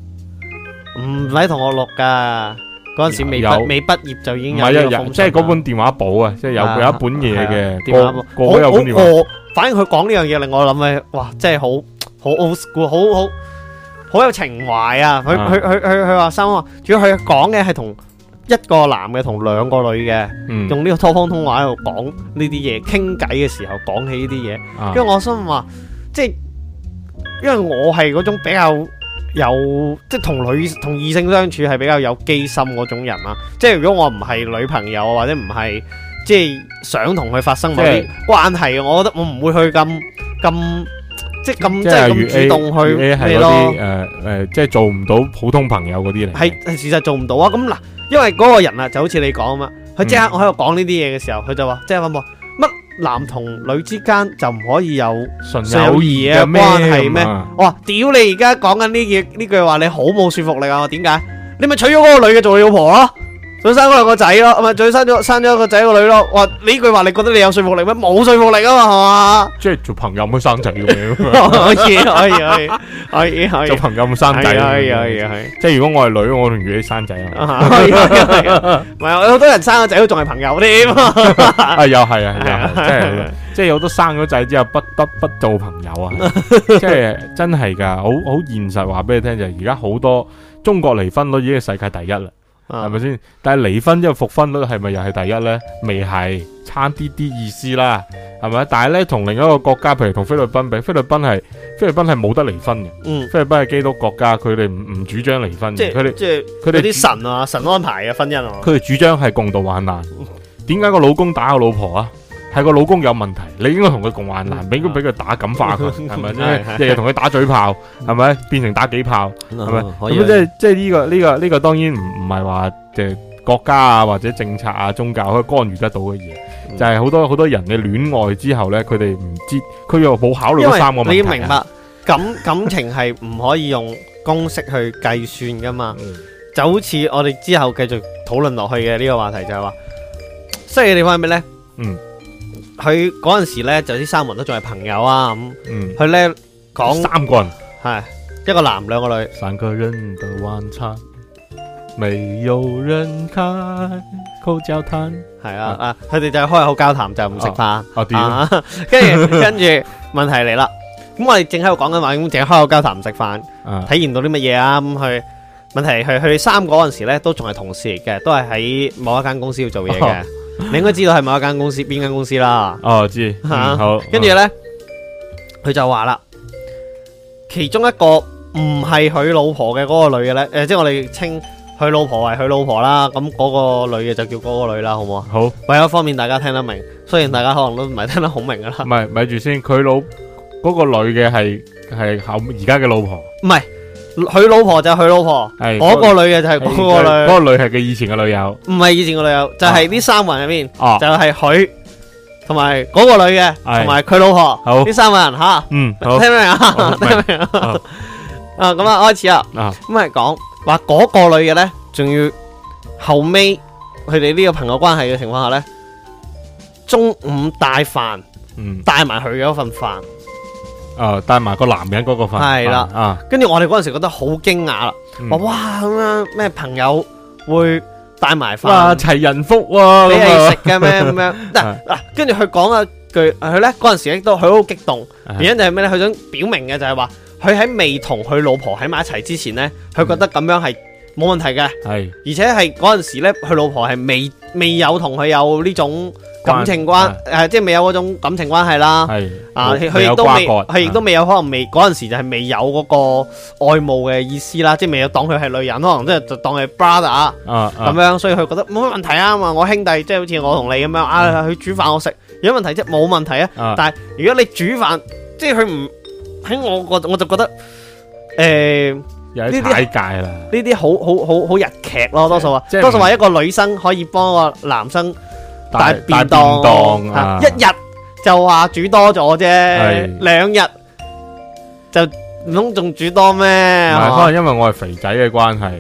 [SPEAKER 2] 唔使同學錄噶。嗰陣時未未畢業就已經有一日，即係
[SPEAKER 1] 嗰本電話簿啊，即係有有一本嘢嘅電話簿。我我我，反
[SPEAKER 2] 正佢講呢樣嘢，令我諗起哇，真係好好 old school，好好好有情懷啊！佢佢佢佢佢話生話，主要佢講嘅係同，一個男嘅同兩個女嘅、嗯，用呢個拖方通話喺度講呢啲嘢，傾偈嘅時候講起呢啲嘢，因為我心話，即係因為我係嗰種比較有，即係同女同異性相處系比較有機心嗰種人啦。即係如果我唔係女朋友或者唔係即係想同佢發生某啲關係，我覺得我唔會去咁咁，即係咁即係咁主動去咩咯？誒誒、呃呃，即係做唔到普通朋友嗰啲嚟，系事實做唔到啊！咁、嗯、嗱。因為嗰個人啊，就好似你講啊嘛，佢即刻我喺度講呢啲嘢嘅時候，佢、嗯、就話即刻話乜男同女之間就唔可以有純友誼嘅關係咩？我話屌你而家講緊呢嘢，呢句話你好冇說服力，為什麼你啊？我點解？你咪娶咗嗰個女嘅做你老婆咯？想生嗰兩個仔咯，咪再生咗生咗個仔一個女咯。哇！呢句話你覺得你有說服力咩？冇說服力啊嘛，係嘛？ (music) (music)
[SPEAKER 1] 即係做朋友咁生仔咁樣 (laughs) 可。可以可
[SPEAKER 2] 以可以
[SPEAKER 3] 可
[SPEAKER 1] 以。
[SPEAKER 2] (music) (music) (music) 做
[SPEAKER 1] 朋友咁生仔、哎，可以可以係。即係如果我係女，我寧願你生仔啊。
[SPEAKER 2] 唔 (noise) 係樂、哎哎 (laughs) 哎哎哎，我有好多人生咗仔都仲係朋友添。啊、 (music) (music) 哎，又係啊，又係， (music) 即係
[SPEAKER 1] 即係有好多生咗仔之後不得不做朋友啊。即係 (music) 真係噶，好好現實，話俾你聽就係而家好多中國離婚率已經係世界第一啦。係咪先？但係離婚之後復婚率係咪又係第一呢？未係，差啲啲意思啦，係咪？但係呢，同另一個國家，譬如同菲律賓比，菲律賓係菲律賓係冇得離婚嘅。嗯，菲律賓係基督國家，佢哋唔唔主張離婚嘅。佢哋，即係佢哋啲神
[SPEAKER 2] 啊，神安排嘅婚姻啊。
[SPEAKER 1] 佢哋主張係共度患難。點解個老公打個老婆啊？係個老公有問題，你應該同佢共患難，唔、嗯、應該俾佢打、嗯、感化佢，係咪先？日日同佢打嘴炮，係、嗯、咪變成打幾炮？係咪咁即係即係呢個呢個呢個？這個這個、當然唔唔係話誒，國家啊，或者政策啊，宗教可以干預得到嘅嘢，嗯，就係、是、好多好多人嘅戀愛之後咧，佢哋唔知佢又冇考慮三個問題。你要明白
[SPEAKER 2] 感感情係唔可以用公式去計算噶嘛，嗯？就好似我哋之後繼續討論落去嘅呢個話題就是說，就係話犀利嘅地方係咩咧？嗯。佢嗰陣時咧，就呢三個人都仲係朋友啊咁。嗯，佢咧講三個人係一個男，兩個女。三個人嘅晚餐，沒有人開口交談。係啊啊！佢哋就開口交談，就唔食飯。哦，點？跟住跟住，問題嚟啦。咁我哋正喺度講緊話，咁淨係開口交談唔食飯，體驗到啲乜嘢啊？咁佢問題係，佢哋三個人嗰陣時咧都仲係同事嚟嘅，都係喺某一間公司要做嘢嘅。你應該知道係某一間公司邊間公司啦。哦，知好。跟住咧，佢就話啦，其中一個唔係佢老婆嘅嗰個女嘅咧，誒，即係我哋稱佢老婆為佢老婆啦。咁嗰個女嘅就叫嗰個女啦，好唔好啊？好，為咗方便大家聽得明，雖然大家可能都唔係聽得好明㗎啦。唔係，咪住先，佢老嗰個女嘅係係
[SPEAKER 1] 後而家嘅老婆，唔
[SPEAKER 2] 係。佢老婆就佢老婆，
[SPEAKER 1] 嗰、那個女嘅就係嗰個女，嗰、那個女係佢以前嘅女友，
[SPEAKER 2] 唔係以前嘅女友，就係、是、呢三個人入邊、啊啊，就係佢同埋嗰個女嘅，同埋佢老婆，呢三個人吓、嗯嗯，嗯，聽明啊？聽明啊？咁、嗯、啊、嗯，開始啦，咁係講話嗰個女嘅呢，仲要後尾佢哋呢個朋友關係嘅情況下呢，中午帶飯，嗯，帶埋佢嘅一份飯。
[SPEAKER 1] 啊、呃！帶埋個男人嗰個份，係啦，
[SPEAKER 2] 啊！跟、啊、住我哋嗰陣時覺得好驚訝啦，話、嗯、哇咁樣咩朋友會帶埋飯，齊
[SPEAKER 1] 人福喎、啊，俾嘢食嘅咩咁樣嗱嗱，
[SPEAKER 2] 跟住佢講一句，佢咧嗰陣時亦都佢好激動，原、啊、因就係咩咧？佢想表明嘅就係、是、話，佢喺未同佢老婆喺埋一齊之前咧，佢覺得咁樣係。冇問題嘅，係而且係嗰陣時咧，佢老婆係未未有同佢有呢種感情關，誒即係未有嗰種感情關係啦。係啊，佢亦都未，佢亦都未、啊、都未有可能未嗰陣時就係未有嗰個愛慕嘅意思啦，即係未有當佢係女人，可能即係就係當係 brother 咁、啊啊、樣，所以佢覺得冇乜問題啊嘛，我兄弟即係好似我同你咁樣啊，佢、嗯、煮飯我食，有冇問題啫？冇問題啊，啊但係如果你煮飯，即係佢唔喺我我就覺得誒。欸呢啲太界啦！呢啲好好好好日劇咯，多數啊，多數話一個女生可以幫個男生帶便當，一日就話煮多咗啫，兩日就唔通仲煮多咩？可能
[SPEAKER 1] 因為我係肥仔嘅關係，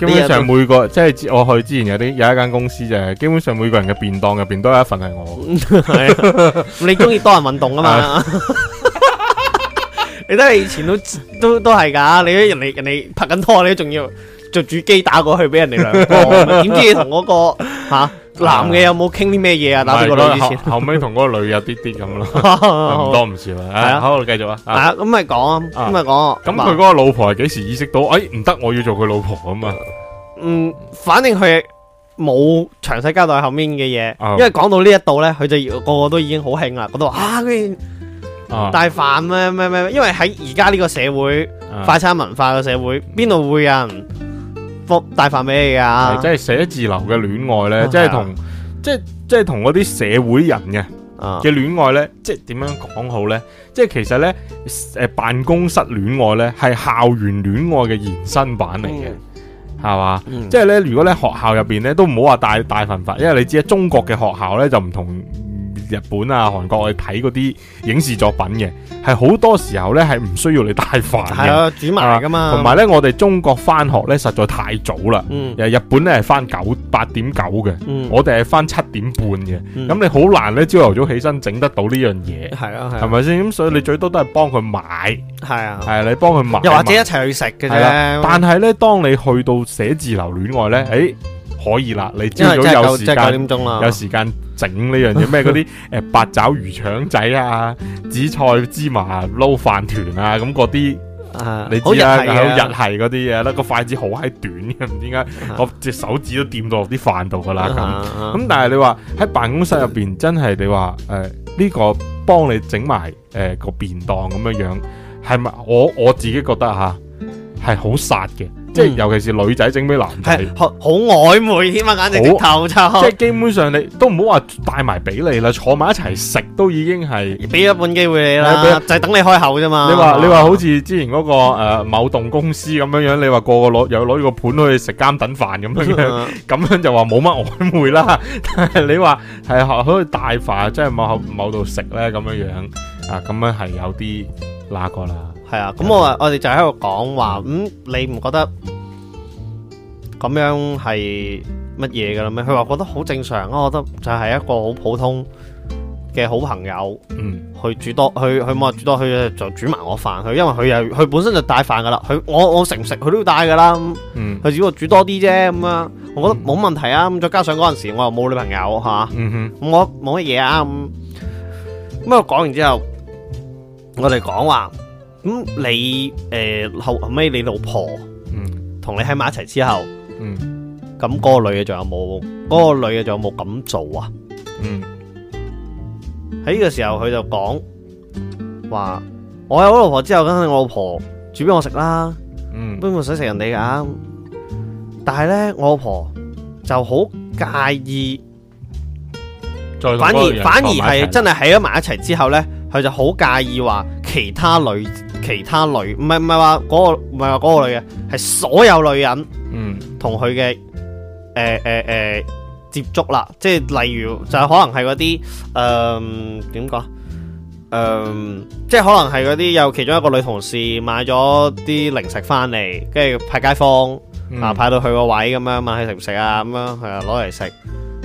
[SPEAKER 1] 基本上每個即係我去之前有啲有一間公司就係基本上每個人嘅便當入邊都有一份係我。你中意多人運動㗎嘛？
[SPEAKER 2] 你都係以前都都都係噶，你人哋人哋拍緊拖，你仲要做主機打過去俾人哋兩個，點 (laughs) 知你同嗰、那個吓、啊啊、男嘅有冇傾啲咩嘢啊？打呢個女先、那個，後尾同嗰個女有啲啲咁咯，唔、啊啊、多唔少啊，啊。好，我哋繼續啊。咁咪講，咁咪講。咁佢嗰
[SPEAKER 1] 個老婆係幾時意識到？誒、啊，唔、哎、得，我要做佢老婆咁啊。嗯，
[SPEAKER 2] 反正佢冇詳細交代後面嘅嘢、啊，因為講到一呢一度咧，佢就個個都已經好興啦，覺得話啊。帶飯咩咩咩？因為喺而家呢個社會、啊，快餐文化嘅社會，邊度會有人服帶飯俾你噶？即係
[SPEAKER 1] 寫字樓嘅戀愛呢？即係同即係即係同嗰啲社會人嘅嘅戀愛咧，即係點樣講好呢？即、嗯、係、就是、其實呢，誒，辦公室戀愛呢係校園戀愛嘅延伸版嚟嘅，係、嗯、嘛？即係、嗯就是、呢，如果咧學校入邊呢，都唔好話帶帶份飯，因為你知中國嘅學校呢，就唔同。日本啊、韓國去睇嗰啲影視作品嘅，係好多時候呢係唔需要你帶飯嘅，係啊煮埋㗎嘛。同、啊、埋呢我哋中國返學呢實在太早啦、嗯。日本呢係返九八點九嘅，我哋係返七點半嘅。咁、嗯、你好難呢朝頭早起身整得到呢樣
[SPEAKER 2] 嘢，係啊，係咪
[SPEAKER 1] 先？咁、啊、所以你最多都係幫佢買，係啊，係啊，你幫佢買，買，又或者一齊去食嘅啫。但係呢，當你去到寫字樓戀愛呢。誒、嗯。欸可以啦，你朝早有時間，有時間整呢樣嘢咩？嗰啲誒八爪魚腸仔啊，紫菜芝麻撈飯糰啊，咁嗰啲你知啦，有日係嗰啲嘢，嗱個、啊、筷子好閪短嘅，唔知點解、啊、我隻手指都掂到啲飯度噶啦咁。咁、啊啊、但係你話喺辦公室入邊，真係你話誒呢個幫你整埋誒個便當咁樣樣，係咪我我自己覺得吓係好殺嘅。啊即、嗯、係尤其是女仔整俾男仔，好曖昧添啊！簡直頭臭。即係、就是、基本上你都唔好話帶埋俾你啦，坐埋一齊食都已經係
[SPEAKER 2] 俾一半機會你啦、啊，就係、是、等你開口啫
[SPEAKER 1] 嘛。你話你話好似之前嗰、那個、呃、某棟公司咁樣樣，你話個個攞又攞住個盤去食監等飯咁樣樣，咁、啊、樣就話冇乜曖昧啦。但係你話係學去大飯，即、就、係、是、某某度食咧咁樣樣啊，咁樣係有啲那個啦。係啊，咁
[SPEAKER 2] 我話我哋就喺度講話，咁你唔覺得咁樣係乜嘢噶啦咩？佢話覺得好正常咯，我覺得就係一個好普通嘅好朋友，嗯，佢煮多佢，佢冇話煮多，佢就煮埋我飯佢，因為佢又佢本身就帶飯噶啦，佢我我食唔食佢都要帶噶啦，嗯，佢只不過煮多啲啫咁啊，我覺得冇問題啊。咁再加上嗰陣時我又冇女朋友吓，
[SPEAKER 3] 咁
[SPEAKER 2] 我冇乜嘢啊。咁咁我講完之後，我哋講話。咁你誒後後尾你老婆，同你喺埋一齊之後，咁、嗯、嗰個女嘅仲有冇嗰、嗰個女嘅仲有冇咁做啊？嗯，喺呢個時候佢就講話，我有老婆之後，梗係我老婆煮俾我食啦，邊個想食人哋噶、啊？但係咧我老婆就好介意，
[SPEAKER 1] 再反而反而
[SPEAKER 2] 係真係喺咗埋一齊之後咧，佢就好介意話其他女。其他女唔係唔係話嗰個唔係話嗰個女嘅，係所有女人同佢嘅誒誒誒接觸啦，即係例如就可能係嗰啲誒點講誒，即係可能係嗰啲有其中一個女同事買咗啲零食翻嚟，跟住派街坊、嗯、啊，派到佢個位咁樣，問佢食唔食啊，咁樣佢就攞嚟食，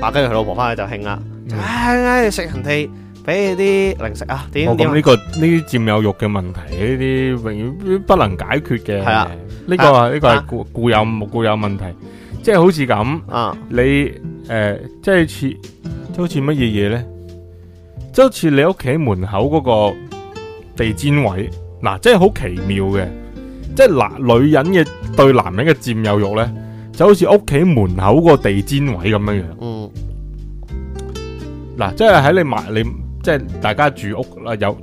[SPEAKER 2] 啊跟住佢老婆翻去就興啦，嗯哎、呀，你食人哋。俾啲零食啊！點樣點樣哦，咁
[SPEAKER 1] 呢、這個呢啲佔有欲嘅問題，呢、這、啲、個、永遠不能解決嘅。係啦，呢、啊這個啊呢、這個係固固有、啊、固有問題，即係好似咁啊，你誒、呃，即係似好似乜嘢嘢咧？即好似你屋企門口嗰個地氈位，嗱、啊，即係好奇妙嘅，即係男女人嘅對男人嘅佔有欲咧，就好似屋企門口個地氈位咁樣樣。嗯，嗱、啊，即係喺你買你。你即係大家住屋啦，有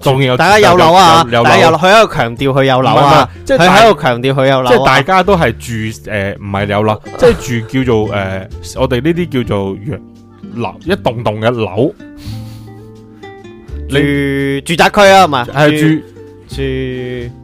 [SPEAKER 1] 仲要。大家有樓啊，大家有佢喺度強調佢有樓啊，即係佢喺度強調佢有樓。即係大家都係住誒，唔係有樓啦，即係住叫做誒，我哋呢啲叫做洋樓，一棟棟嘅樓。
[SPEAKER 2] 住住宅區啊，係嘛？住住。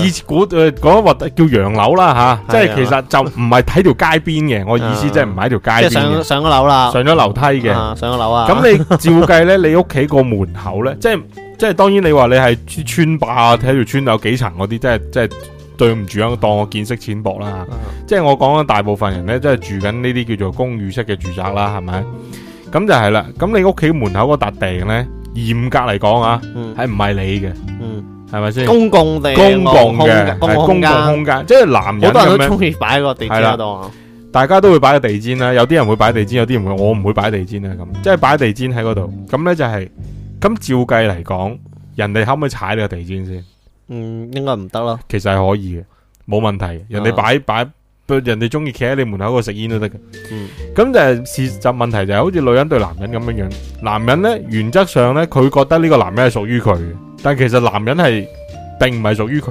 [SPEAKER 2] 以
[SPEAKER 1] 前古誒講話叫洋樓啦吓、啊啊，即係其實就唔係睇條街邊嘅。我的意思就是不是在條是、啊、即係唔係條街邊嘅。上
[SPEAKER 2] 咗樓啦。上咗樓梯嘅、啊。上咗樓啊！咁你
[SPEAKER 1] 照計咧， (laughs) 你屋企個門口咧，即係即係當然你話你係村霸啊，睇 (laughs) 條村有幾層嗰啲，即係即係對唔住啊，當我見識淺薄啦，即係我講緊，大部分人咧，即係住緊呢啲叫做公寓式嘅住宅啦，係咪？咁就係啦。咁你屋企門口嗰笪地咧，嚴格嚟講啊，係唔係你嘅？嗯。係咪先公共地、公共嘅公共空間，即係男人咁樣，好多人都中意擺個地氈喺度。大家都會擺個地氈啦，嗯、有啲人會擺地氈，有啲唔會。我唔會擺地氈啦，咁即係擺地氈喺嗰度。咁呢就係、是、咁照計嚟講，人哋可唔可以踩你個地氈先？嗯，
[SPEAKER 2] 應該唔得咯。
[SPEAKER 1] 其實係可以嘅，冇問、啊嗯、問題。人哋擺擺，人哋中意企喺你門口嗰度食煙都得嘅。咁就係事實問題就係好似女人對男人咁樣樣。男人呢，原則上呢，佢覺得呢個男人係屬於佢。但其實男人係並唔係屬於佢，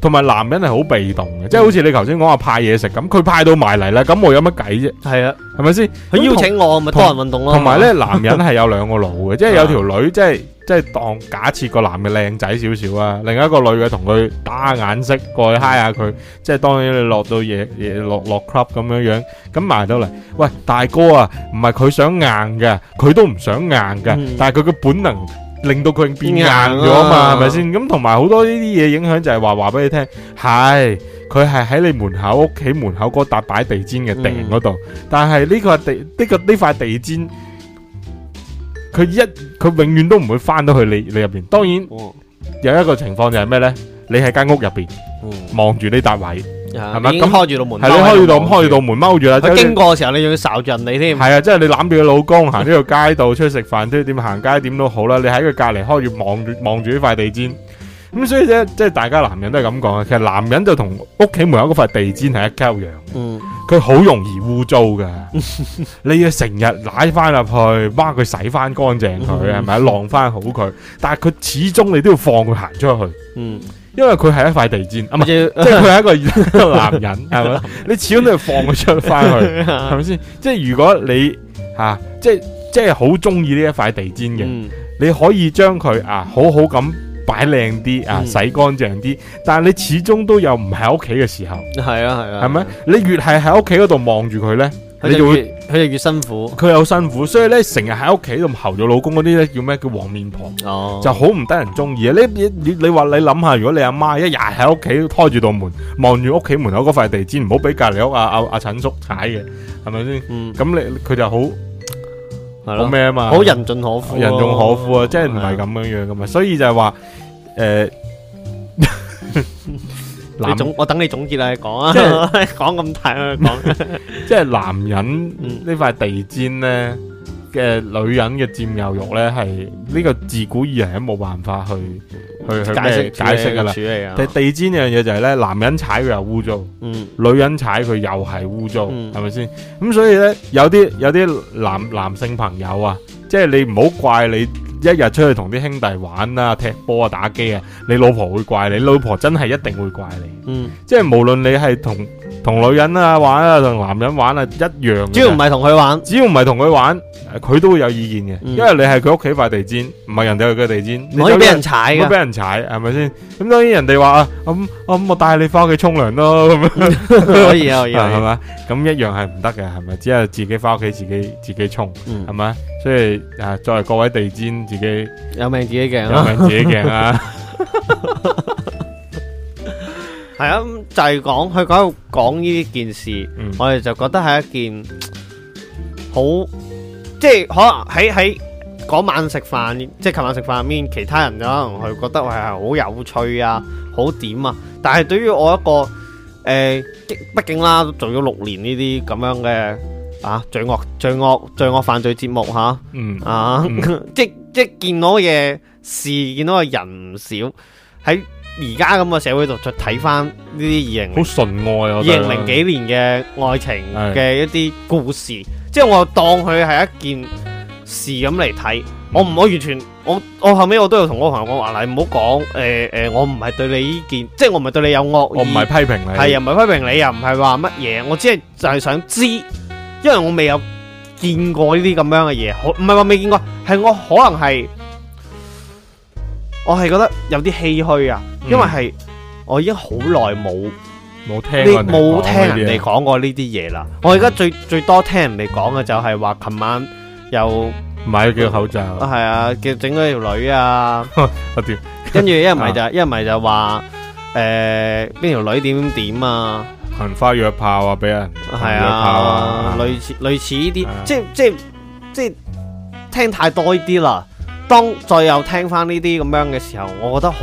[SPEAKER 1] 同埋男人係好被動嘅，即係好似你頭先講話派嘢食咁，佢派到埋嚟啦，咁我有乜計啫？係啊，係咪先？佢邀請我咪多人運動咯。同埋咧，男人係有兩個腦嘅， (laughs) 即係有條女即係即係當假設個男嘅靚仔少少啊，另一個女嘅同佢打下眼色過去嗨一下佢，即係當然你落到夜，夜落落 club 咁樣樣，咁埋到嚟，喂大哥啊，唔係佢想硬嘅，佢都唔想硬嘅、嗯，但係佢嘅本能。令到佢變硬咗嘛，係咪先？咁同埋好多呢啲嘢影響，就係話話俾你聽，係佢係喺你門口屋企門口嗰笪擺地氈嘅埞嗰度，但係呢個地呢個呢塊地氈，佢一佢永遠都唔會翻到去你你入邊。當然，有一個情況就係咩呢？你喺間屋入邊，望住呢笪位。係咪咁開住道門？係你開住道，開住道門踎住啦。佢經過
[SPEAKER 2] 嘅時候，嗯嗯嗯嗯你仲要仇盡你添。係啊，
[SPEAKER 1] 即係你攬住個老公行呢個街道，出去食飯， (laughs) 即係點行街點都好啦。你喺佢隔籬開住望住，望住呢塊地氈。咁所以咧，即係大家男人都係咁講啊。其實男人就同屋企門口嗰塊地氈係一交樣，嗯，佢好容易污糟噶。 (laughs) 你要成日奶翻入去，幫佢洗翻乾淨佢，係咪晾翻好佢？但係佢始終你都要放佢行出去，嗯。因為佢係一塊地氈，唔係 (laughs) 即係佢係一個男人，係 (laughs) 咪？你始終都要放佢出翻去，係咪先？即係如果你吓、啊，即係即係好中意呢一塊地氈嘅，嗯，你可以將佢啊好好咁擺靚啲啊，洗乾淨啲，但係你始終都有唔喺屋企嘅時候，
[SPEAKER 2] 係啊係啊，係咪，
[SPEAKER 1] 啊啊？你越係喺屋企嗰度望住佢咧。你就會
[SPEAKER 2] 佢就，就越辛苦，
[SPEAKER 1] 佢又辛苦，嗯、所以咧成日喺屋企度候咗老公嗰啲咧叫咩？叫黃面婆哦，就好唔得人中意啊！你你你你話你諗下，如果你阿媽一日喺屋企都拖住道門，望住屋企門口嗰塊地氈，唔好俾隔籬屋阿阿阿陳叔踩嘅，係咪先？嗯，咁你佢就好係咯咩啊嘛？好人盡可夫、啊，人盡可夫啊！即係唔係咁樣樣噶嘛？所以就係話誒。呃 (laughs)
[SPEAKER 2] 你總我等你總結啊，講啊，講、就、咁、是、 (laughs) 大啊，講，
[SPEAKER 1] 即係男人這塊呢塊地氈咧嘅女人嘅佔有欲咧係呢這個自古以嚟都冇辦法去去解釋解釋噶啦。但係、啊、地氈呢樣嘢就係咧，男人踩佢又污糟，嗯，女人踩佢又係污糟，係咪先？咁所以咧，有啲有啲男男性朋友啊，即、就、係、是、你唔好怪你。一日出去同啲兄弟玩啊、踢波啊、打機啊，你老婆會怪你，你老婆真係一定會怪你。嗯，即你，即係無論你係同。同女人啊玩啊，同男人玩啊，一樣。只要唔係同佢玩，只要唔係同佢玩，佢都會有意見嘅，因為你係佢屋企塊地氈，唔係人哋去嘅地氈，唔可以俾人踩噶，會俾人踩，係咪先？咁當然人哋話啊，咁咁我帶你翻屋企沖涼咯，咁樣可以啊，可以係嘛？咁一樣係唔得嘅，係咪？只有自己翻屋企自己自己沖，係嘛？所以啊，作為
[SPEAKER 2] 各位地氈，自己有命自己勁，有命自己勁啊。係啊，就係講佢講講呢件事，嗯、我哋就覺得係一件好，即係可能喺喺嗰晚食飯，即係琴晚食飯入面，其他人就可能佢覺得係好有趣啊，好點啊，但係對於我一個誒，畢、呃、竟啦做咗六年呢啲咁樣嘅，啊，罪惡罪惡罪惡犯罪節目吓，啊，嗯啊嗯、 (laughs) 即即見到嘅事見到嘅人唔少喺。在而家咁嘅社會度 20...，再睇翻呢啲二零，好純愛啊！二零零幾年嘅愛情嘅一啲故事，即係我當佢係一件事咁嚟睇。嗯、我唔，我完全，我我後尾我都有同我朋友講話，嗱，你唔好講，誒、呃、誒，我唔係對你呢件，即係我唔係對你有惡意，我唔係批評你係，係又唔係批評你，又唔係話乜嘢，我只係就係想知，因為我未有見過呢啲咁樣嘅嘢，唔係話未見過，係我可能係。我係覺得有啲唏噓啊，因為係我已經好耐冇冇聽，冇聽人哋講過呢啲嘢啦。我而家最最多聽人哋講嘅就係話，琴晚又買咗幾個口罩係、嗯、啊，叫整咗條女啊，跟 (laughs) 住一唔係就、啊、一唔係就話誒邊條女點點點啊，行花約炮啊，俾人係啊，啊，類似類似呢啲、啊，即即即聽太多呢啲啦。當再又聽翻呢啲咁樣嘅時候，我覺得好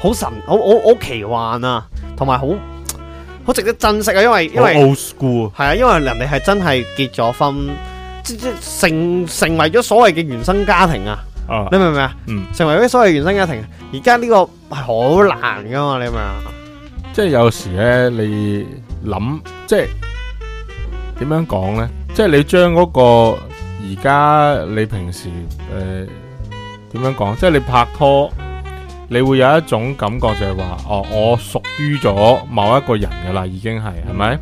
[SPEAKER 2] 好神，好好好奇幻啊，同埋好好值得珍惜啊，因為因為 old school 係啊，因為人哋係真係結咗婚，即即成成為咗所謂嘅原生家庭啊，你明唔明啊？嗯，成為咗所謂原生家庭，而家呢個係好難㗎嘛，你明唔明啊？即係有時咧，你諗即係
[SPEAKER 1] 點樣講咧？即係你將嗰個而家你平時誒。點樣講？即係你拍拖，你會有一種感覺就是說，就係話哦，我屬於咗某一個人噶啦，已經係，係咪？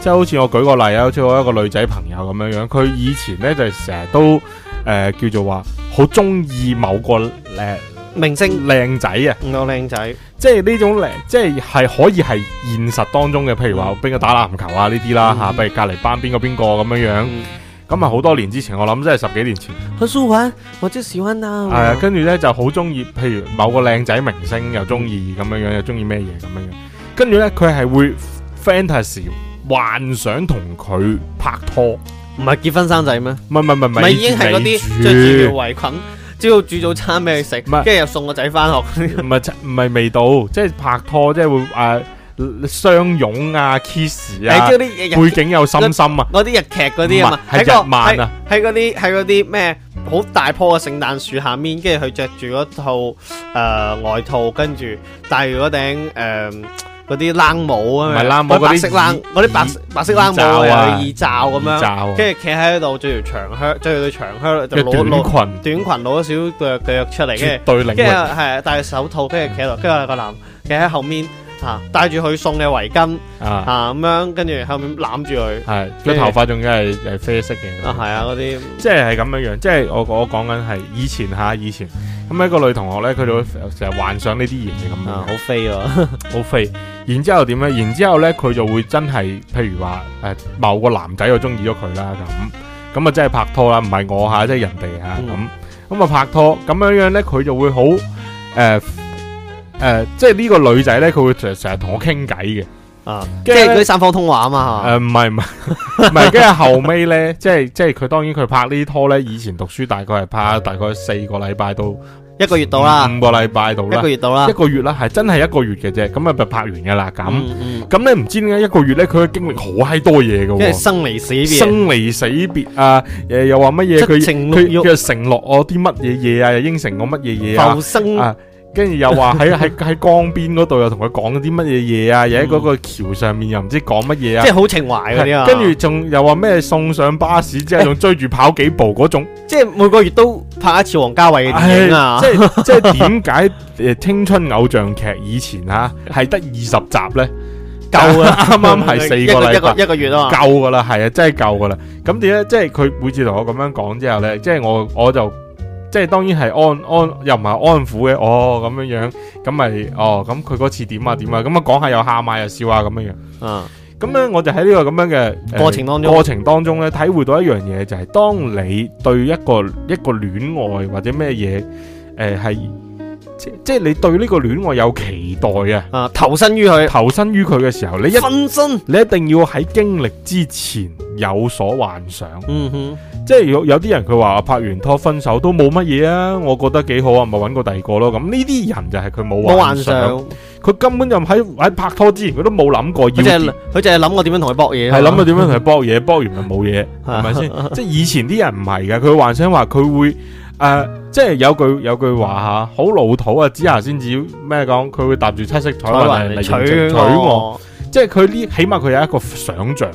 [SPEAKER 1] 即係好似我舉個例啊，好似我一個女仔朋友咁樣樣，佢以前呢就成日都誒、呃、叫做話好中意某個誒明星靚仔啊，唔夠靚仔，即係呢種靚，即係係可以係現實當中嘅，譬如話邊個打籃球啊呢啲啦吓，譬、嗯啊、如隔籬班邊個邊個咁樣樣。嗯咁咪好多年之前，我諗真係十幾年前。我、嗯嗯嗯
[SPEAKER 2] 嗯嗯、 (music) 去蘇格蘭，或者小溫啦係啊，
[SPEAKER 1] 跟住咧就好中意，譬如某個靚仔明星又中意咁樣樣，又中意咩嘢咁樣樣。跟住咧佢係會 fantasy 幻想同佢拍拖，唔係結婚生仔咩？唔係唔係唔係，唔係已經係嗰啲着住條圍
[SPEAKER 2] 裙，朝早煮早餐俾佢食，
[SPEAKER 1] 跟住又送個仔翻學。唔係唔係未到，即係拍拖，即係會誒。啊相擁啊，kiss 啊，背景有深深
[SPEAKER 2] 啊那，嗰啲日劇嗰啲啊嘛，係日漫啊，喺嗰啲喺嗰啲咩好大棵嘅聖誕樹下面，跟住佢着住嗰套誒、呃、外套，跟住戴住嗰頂誒嗰啲冷帽啊，咪冷帽，白色冷，嗰啲白白色冷帽又耳，耳，耳罩咁、啊啊、樣，跟住企喺度着條長靴，着，長着，長着，着，着對長靴，就攞短裙短裙攞咗少腳腳出嚟，跟住跟住係戴住手套，跟住企喺度，跟住個男企喺後面。吓，戴住佢送嘅圍巾，咁、啊啊、樣，跟住後面攬住佢，
[SPEAKER 1] 係、啊，個頭髮仲嘅係啡色嘅，啊係啊，啲，即係係咁樣樣，即係我我講緊係以前吓，以前咁一、那個女同學咧，佢就會成日幻想呢啲嘢咁樣，好飛喎，好飛。 (laughs) 然之後點樣？然之後咧佢就會真係，譬如話誒、呃、某個男仔就中意咗佢啦，咁咁啊即係拍拖啦，唔係我吓，即係人哋吓，咁咁啊拍拖，咁、嗯、樣樣咧佢就會好誒。呃誒、呃，即係呢個女仔咧，佢會成成日同我傾偈嘅，啊，即係嗰啲三方通話啊嘛，誒、嗯，唔係唔係唔係，跟住 (laughs) 後尾咧，即係即係佢，當然佢拍呢啲拖咧，以前讀書大概係拍大概四個禮拜到，一個月到啦，五個禮拜到啦，一個月到啦，一個月啦，係真係一個月嘅啫，咁啊，咪拍完噶啦，咁咁咧唔知點解一個月咧，佢嘅經歷好閪多嘢嘅，即係生離死別，生離死別啊，誒、呃，又話乜嘢？佢佢佢承諾我啲乜嘢嘢啊，應承我乜嘢嘢啊，浮生啊。跟住又話喺喺喺江邊嗰度又同佢講啲乜嘢嘢啊，又喺、嗯、嗰個橋上面又唔知講乜嘢啊，即係好情懷啲啊。跟住仲又話咩送上巴士之後，即係仲追住跑幾步嗰種。即係每個月都拍一
[SPEAKER 2] 次王家衛嘅電影啊！哎、
[SPEAKER 1] 即係 (laughs) 即係點解青春偶像劇以前啊，係得二十集呢？
[SPEAKER 2] 夠啦，啱啱係四個禮拜一,一,一個月啊，夠
[SPEAKER 1] 噶啦，係啊，真係夠噶啦。咁點解？即係佢每次同我咁樣講之後呢，即係我我就。即係當然係安安又唔係安撫嘅哦咁樣樣，咁咪哦咁佢嗰次點啊點啊，咁啊講下又喊呀、啊、又笑呀，咁樣樣，嗯、啊，咁咧我就喺呢個咁樣嘅過程當中，呃、過程當中咧體會到一樣嘢就係當你對一個一個戀愛或者咩嘢誒係。呃即即係你對呢個戀愛有期待啊！啊，投身於佢，投身於佢嘅時候，你一，分身，你一定要喺經歷之前有所幻想。
[SPEAKER 3] 嗯
[SPEAKER 1] 哼，即係有有啲人佢話拍完拖分手都冇乜嘢啊，我覺得幾好啊，咪揾個第二個咯。咁呢啲人就係佢冇幻想，佢根本就喺喺拍拖之前佢都冇諗過要，即佢淨係諗我點樣同佢搏嘢，係諗我點樣同佢搏嘢，搏完咪冇嘢係咪先？即係以前啲人唔係噶，佢幻想話佢會。誒、呃，即係有句有句話吓，好老土啊。紫霞仙子咩講，佢會踏住七色彩雲嚟，娶娶我，哦、即係佢呢起碼佢有一個想象，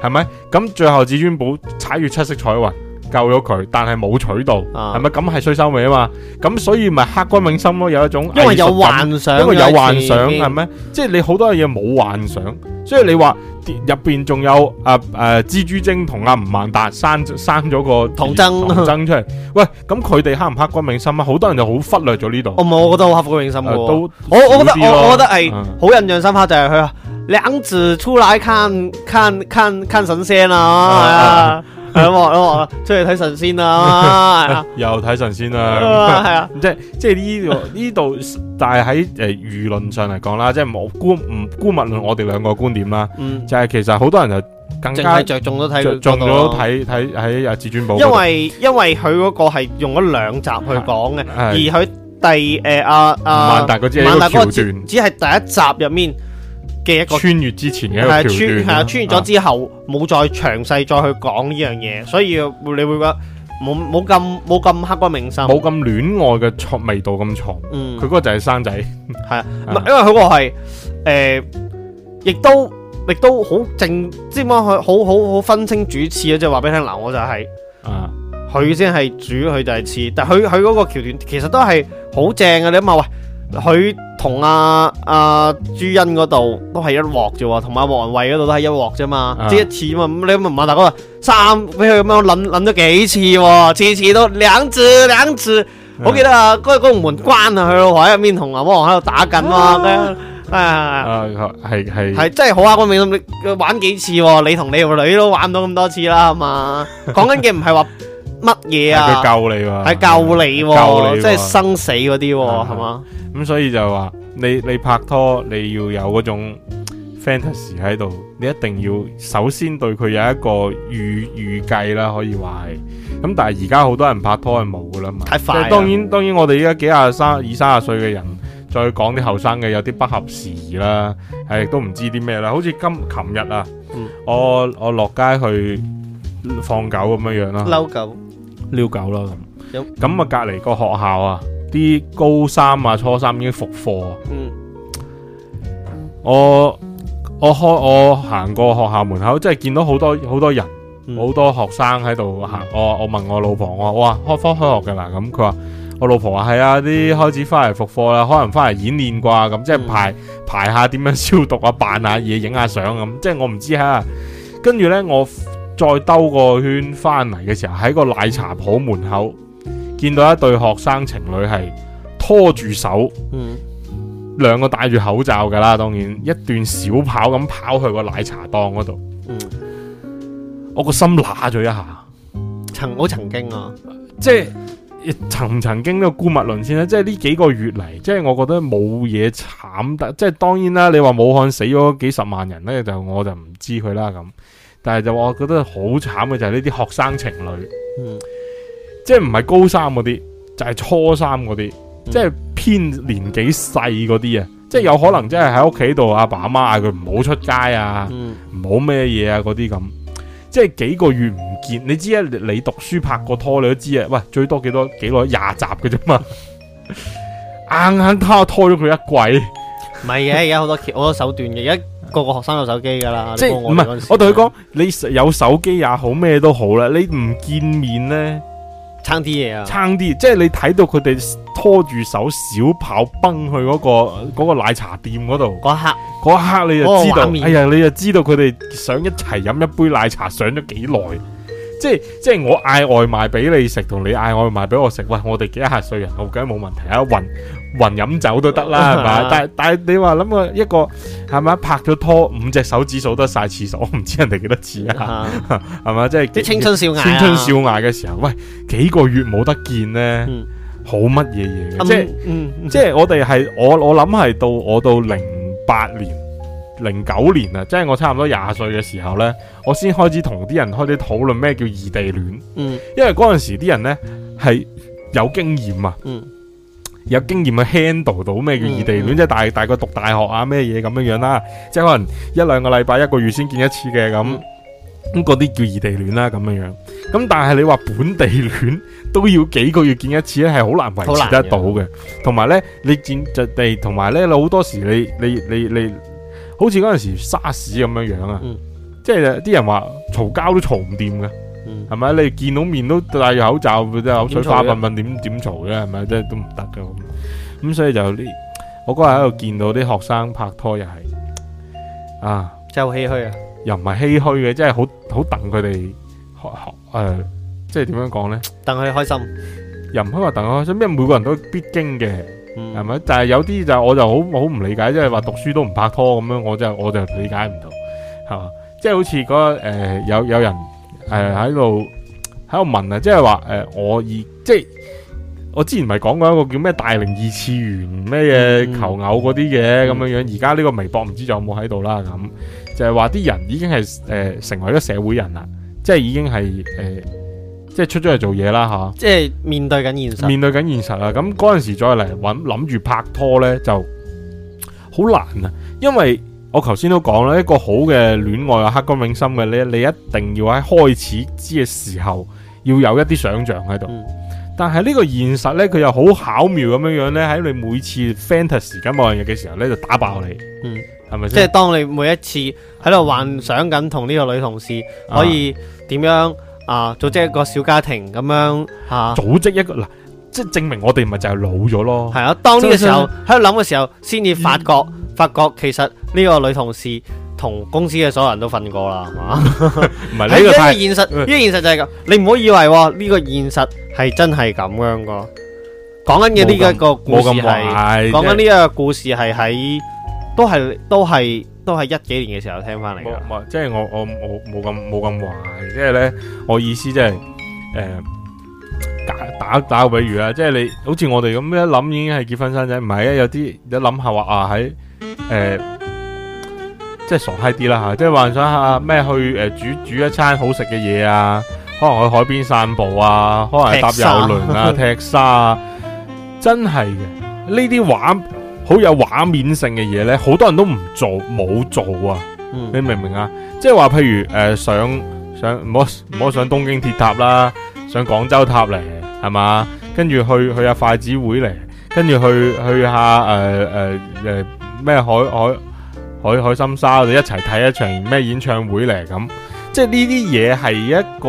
[SPEAKER 1] 係咪咁？最後至尊寶踩住七色彩雲救咗佢，但係冇娶到，係咪咁係衰收尾啊？嘛咁所以咪刻骨銘心咯，有一種因為有、啊、因為有幻想，因為有幻想係咩？即係你好多嘢冇幻想，所以你話。入邊仲有、呃呃、蜘蛛精同阿吳孟達生生咗個唐僧，唐僧出嚟，喂，咁佢哋黑唔黑郭明笙啊？好多人就好忽略咗呢度。我唔我覺得好黑郭永笙嘅。都我我覺得我我覺得係
[SPEAKER 2] 好、嗯、印象深刻就係佢啊，兩字出來看看看看神仙啊！嗯」係、 (laughs) 嗯嗯、啊，出去睇神仙啦，
[SPEAKER 1] 又睇神仙啦，係
[SPEAKER 2] 啊， (laughs) (laughs) 即係即係呢度呢度，
[SPEAKER 1] 但係喺誒輿論上嚟講啦，即係冇觀唔觀勿論我哋兩個觀點啦、嗯，就係、是、其實好多人就更加着重咗睇、那個，咗睇睇睇阿至尊寶，因為
[SPEAKER 2] 因為佢嗰個係用咗兩集去講嘅，而佢第誒阿阿萬達嗰只是段只係第一集入面。嘅一個穿越之前嘅係、啊、穿係啊穿越咗之後冇、啊、再詳細再去講呢樣嘢，所以你會覺得冇冇咁冇咁刻骨銘心，冇
[SPEAKER 1] 咁戀愛嘅錯味道咁重。佢、嗯、嗰個就係生仔，係啊，啊因為佢個係
[SPEAKER 2] 誒、呃，亦都亦都好正，即係點講？好好好分清主次啊！即係話俾你聽，嗱、呃，我就係、是、啊，佢先係主，佢就係次，但係佢佢嗰個橋段其實都係好正嘅，你諗下喂。佢同阿阿朱茵嗰度都係一鑊啫喎，同阿王位嗰度都係一鑊啫嘛，即一次啊嘛，你問問大哥，三俾佢咁樣諗諗咗幾次，啊，次次都兩次兩次，啊，我記得嗰，啊嗰個門關啊，去到海入面，同阿汪喺度打緊啊，啊啊
[SPEAKER 1] 係係係真係
[SPEAKER 2] 好啊，我未咁玩幾次，啊，你同你個女都玩到咁多次啦，係嘛，講緊嘅唔係話。乜嘢啊？佢救你喎、啊，係救你喎、啊啊，即係生死嗰啲喎，係
[SPEAKER 1] 嘛、啊？咁所以就話你你拍拖你要有嗰種 fantasy 喺度，你一定要首先對佢有一個預預計啦，可以話係咁。但係而家好多人拍拖係冇噶啦嘛，太快當然當然，當然我哋依家幾廿三二三十歲嘅人再講啲後生嘅有啲不合時宜啦，係亦都唔知啲咩啦。好似今琴日啊，嗯、我我落街去放狗咁樣樣啦，遛狗啦咁，咁啊隔籬個學校啊，啲高三啊、初三已經復課。啊、嗯。我我開我行過學校門口，即係見到好多好多人，嗯，好多學生喺度行。我我問我老婆，我話：哇，開翻開,開學噶啦咁。佢話：我老婆話係啊，啲開始翻嚟復課啦，可能翻嚟演練啩，咁即係排排下點樣消毒啊，扮下嘢，影下相咁。即係我唔知哈。跟住呢。我。再兜個圈翻嚟嘅時候，喺個奶茶鋪門口見到一對學生情侶係拖住手，兩、嗯、個戴住口罩㗎啦，當然一段小跑咁跑去個奶茶檔嗰度。我個心乸咗一下，
[SPEAKER 2] 曾好曾經啊，即係
[SPEAKER 1] 曾曾經呢個顧物論先啦。即係呢幾個月嚟，即係我覺得冇嘢慘得，即係當然啦。你話武漢死咗幾十萬人咧，就我就唔知佢啦咁。但係就話我覺得好慘嘅就係呢啲學生情侶，嗯、即係唔係高三嗰啲，就係、是、初三嗰啲、嗯，即係偏年紀細嗰啲啊！即係有可能真係喺屋企度，阿爸阿媽嗌佢唔好出街啊，唔好咩嘢啊嗰啲咁，即係幾個月唔見。你知啊，你讀書拍過拖你都知啊，喂，最多幾多幾耐廿集嘅啫嘛，硬 (laughs) 硬 (laughs) 拖拖咗佢一季。
[SPEAKER 2] 唔係嘅，而家好多好多手段嘅。一個個學生有手機噶啦，即係唔係？我
[SPEAKER 1] 同佢講，你有手機也好，咩都好啦。你唔見面呢，
[SPEAKER 2] 撐啲嘢啊，撐啲。
[SPEAKER 1] 即係你睇到佢哋拖住手小跑奔去嗰、嗰個、嗰個奶茶店嗰度，嗰刻嗰刻你就知道，嗰個、哎呀，你就知道佢哋想一齊飲一杯奶茶，上咗幾耐。即係即係我嗌外賣俾你食，同你嗌外賣俾我食，喂，我哋幾廿歲人，我梗係冇問題啊，混。混飲酒都得啦，係、嗯、嘛？但係但係你話諗個一個係咪？拍咗拖五隻手指數得晒廁所，我唔知人哋幾多次啊，係、嗯、嘛？即係啲青春少牙，青春少牙嘅、啊、時候，喂，幾個月冇得見呢？嗯、好乜嘢嘢嘅，即係、嗯、即係我哋係我我諗係到我到零八年零九年啊，即、就、係、是、我差唔多廿歲嘅時候呢，我先開始同啲人開始討論咩叫異地戀，嗯、因為嗰陣時啲人呢係有經驗啊。嗯有經驗去 handle 到咩叫異地戀、嗯嗯，即係大大概讀大學啊咩嘢咁樣樣啦，即係可能一兩個禮拜一個月先見一次嘅咁，咁嗰啲叫異地戀啦咁樣樣。咁但係你話本地戀都要幾個月見一次咧，係好難維持得到嘅。同埋咧，你見就地，同埋咧你好多時你你你你，你，好似嗰陣時沙士咁樣樣啊、嗯，即係啲人話嘈交都嘈唔掂㗎係咪？你見到面都戴住口罩，口水花噴噴，點點嘈嘅係咪？即係都唔得嘅咁。咁所以就呢，我嗰日喺度見到啲學生拍拖又係啊，真係好唏噓啊，又唔係唏噓嘅，即係好好等佢哋學學誒，即係點樣講咧？等佢開心，又唔可以話等佢開心，因為每個人都必經嘅，係、嗯、咪？但係、就是、有啲就我就好好唔理解，即係話讀書都唔拍拖咁樣我、就是，我真我就理解唔到，係嘛？即係好似嗰、那個誒、呃、有有人。誒、呃，喺度喺度問啊，即係話誒，我而即係我之前咪講過一個叫咩大齡二次元咩嘢求偶嗰啲嘅咁樣樣，而家呢個微博唔知仲有冇喺度啦，咁就係話啲人已經係誒、呃、成為咗社會人啦，即、就、係、是、已經係誒即係出咗去做嘢啦吓，即、就、係、是、面對緊現實，面對緊現實啦。咁嗰陣時再嚟搵諗住拍拖咧，就好難啊，因為。我頭先都講啦，一個好嘅戀愛有刻骨銘心嘅，你你一定要喺開始知嘅時候，要有一啲想像喺度、嗯。但係呢個現實呢，佢又好巧妙咁樣樣呢，喺你每次 fantasy 緊某樣嘢嘅時候呢，就打爆你。嗯，係咪先？即係
[SPEAKER 2] 當你每一次喺度幻想緊同呢個女同事可以點樣啊，啊，組織一個小家庭咁樣嚇、啊，組
[SPEAKER 1] 織一個嗱，即係證明我哋咪就係老咗咯。
[SPEAKER 2] 係啊，當呢個時候喺度諗嘅時候，先至發覺、嗯，發覺其實。呢個女同事同公司嘅所有人都瞓過啦，係嘛？唔係你呢個現實，呢個現實就係咁。你唔好以為呢個現實係真係咁樣㗎。講緊嘅呢一個故事係，講緊呢一個故事係喺都係都係都係一幾年嘅時候聽翻嚟。唔係，即係我我我冇咁冇咁
[SPEAKER 1] 壞。即係咧，我意思即係誒，打打打個比喻啦。即係你好似我哋咁一諗，已經係結婚生仔。唔係啊，有啲一諗下話啊喺誒。即係傻閪啲啦吓，即係幻想下咩去誒、呃、煮煮一餐好食嘅嘢啊，可能去海邊散步啊，可能搭遊輪啊，踢沙啊， (laughs) 踢沙啊真係嘅，呢啲畫好有畫面性嘅嘢咧，好多人都唔做冇做啊，嗯、你明唔明啊？即係話譬如誒、呃、上上唔好唔好上東京鐵塔啦，上廣州塔嚟係嘛？跟住去去下筷子會嚟，跟住去去一下誒誒誒咩海海海海海心沙，我哋一齊睇一場咩演唱會嚟？咁，即係呢啲嘢係一個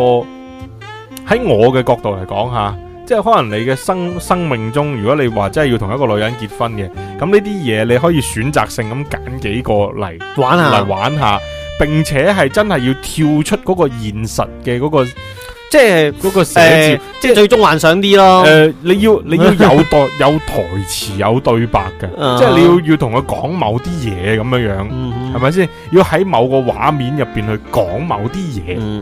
[SPEAKER 1] 喺我嘅角度嚟講吓，即係可能你嘅生生命中，如果你話真係要同一個女人結婚嘅，咁呢啲嘢你可以選擇性咁揀幾個嚟玩下嚟玩下，並且係真係要跳出嗰個現實嘅嗰、嗰個。即係嗰個寫照、呃、即係最終幻想啲咯。誒、呃，你要你要有對 (laughs) 有台詞有對白嘅，uh-huh. 即係你要要同佢講某啲嘢咁樣樣，係咪先？要喺某個畫面入邊去講某啲嘢，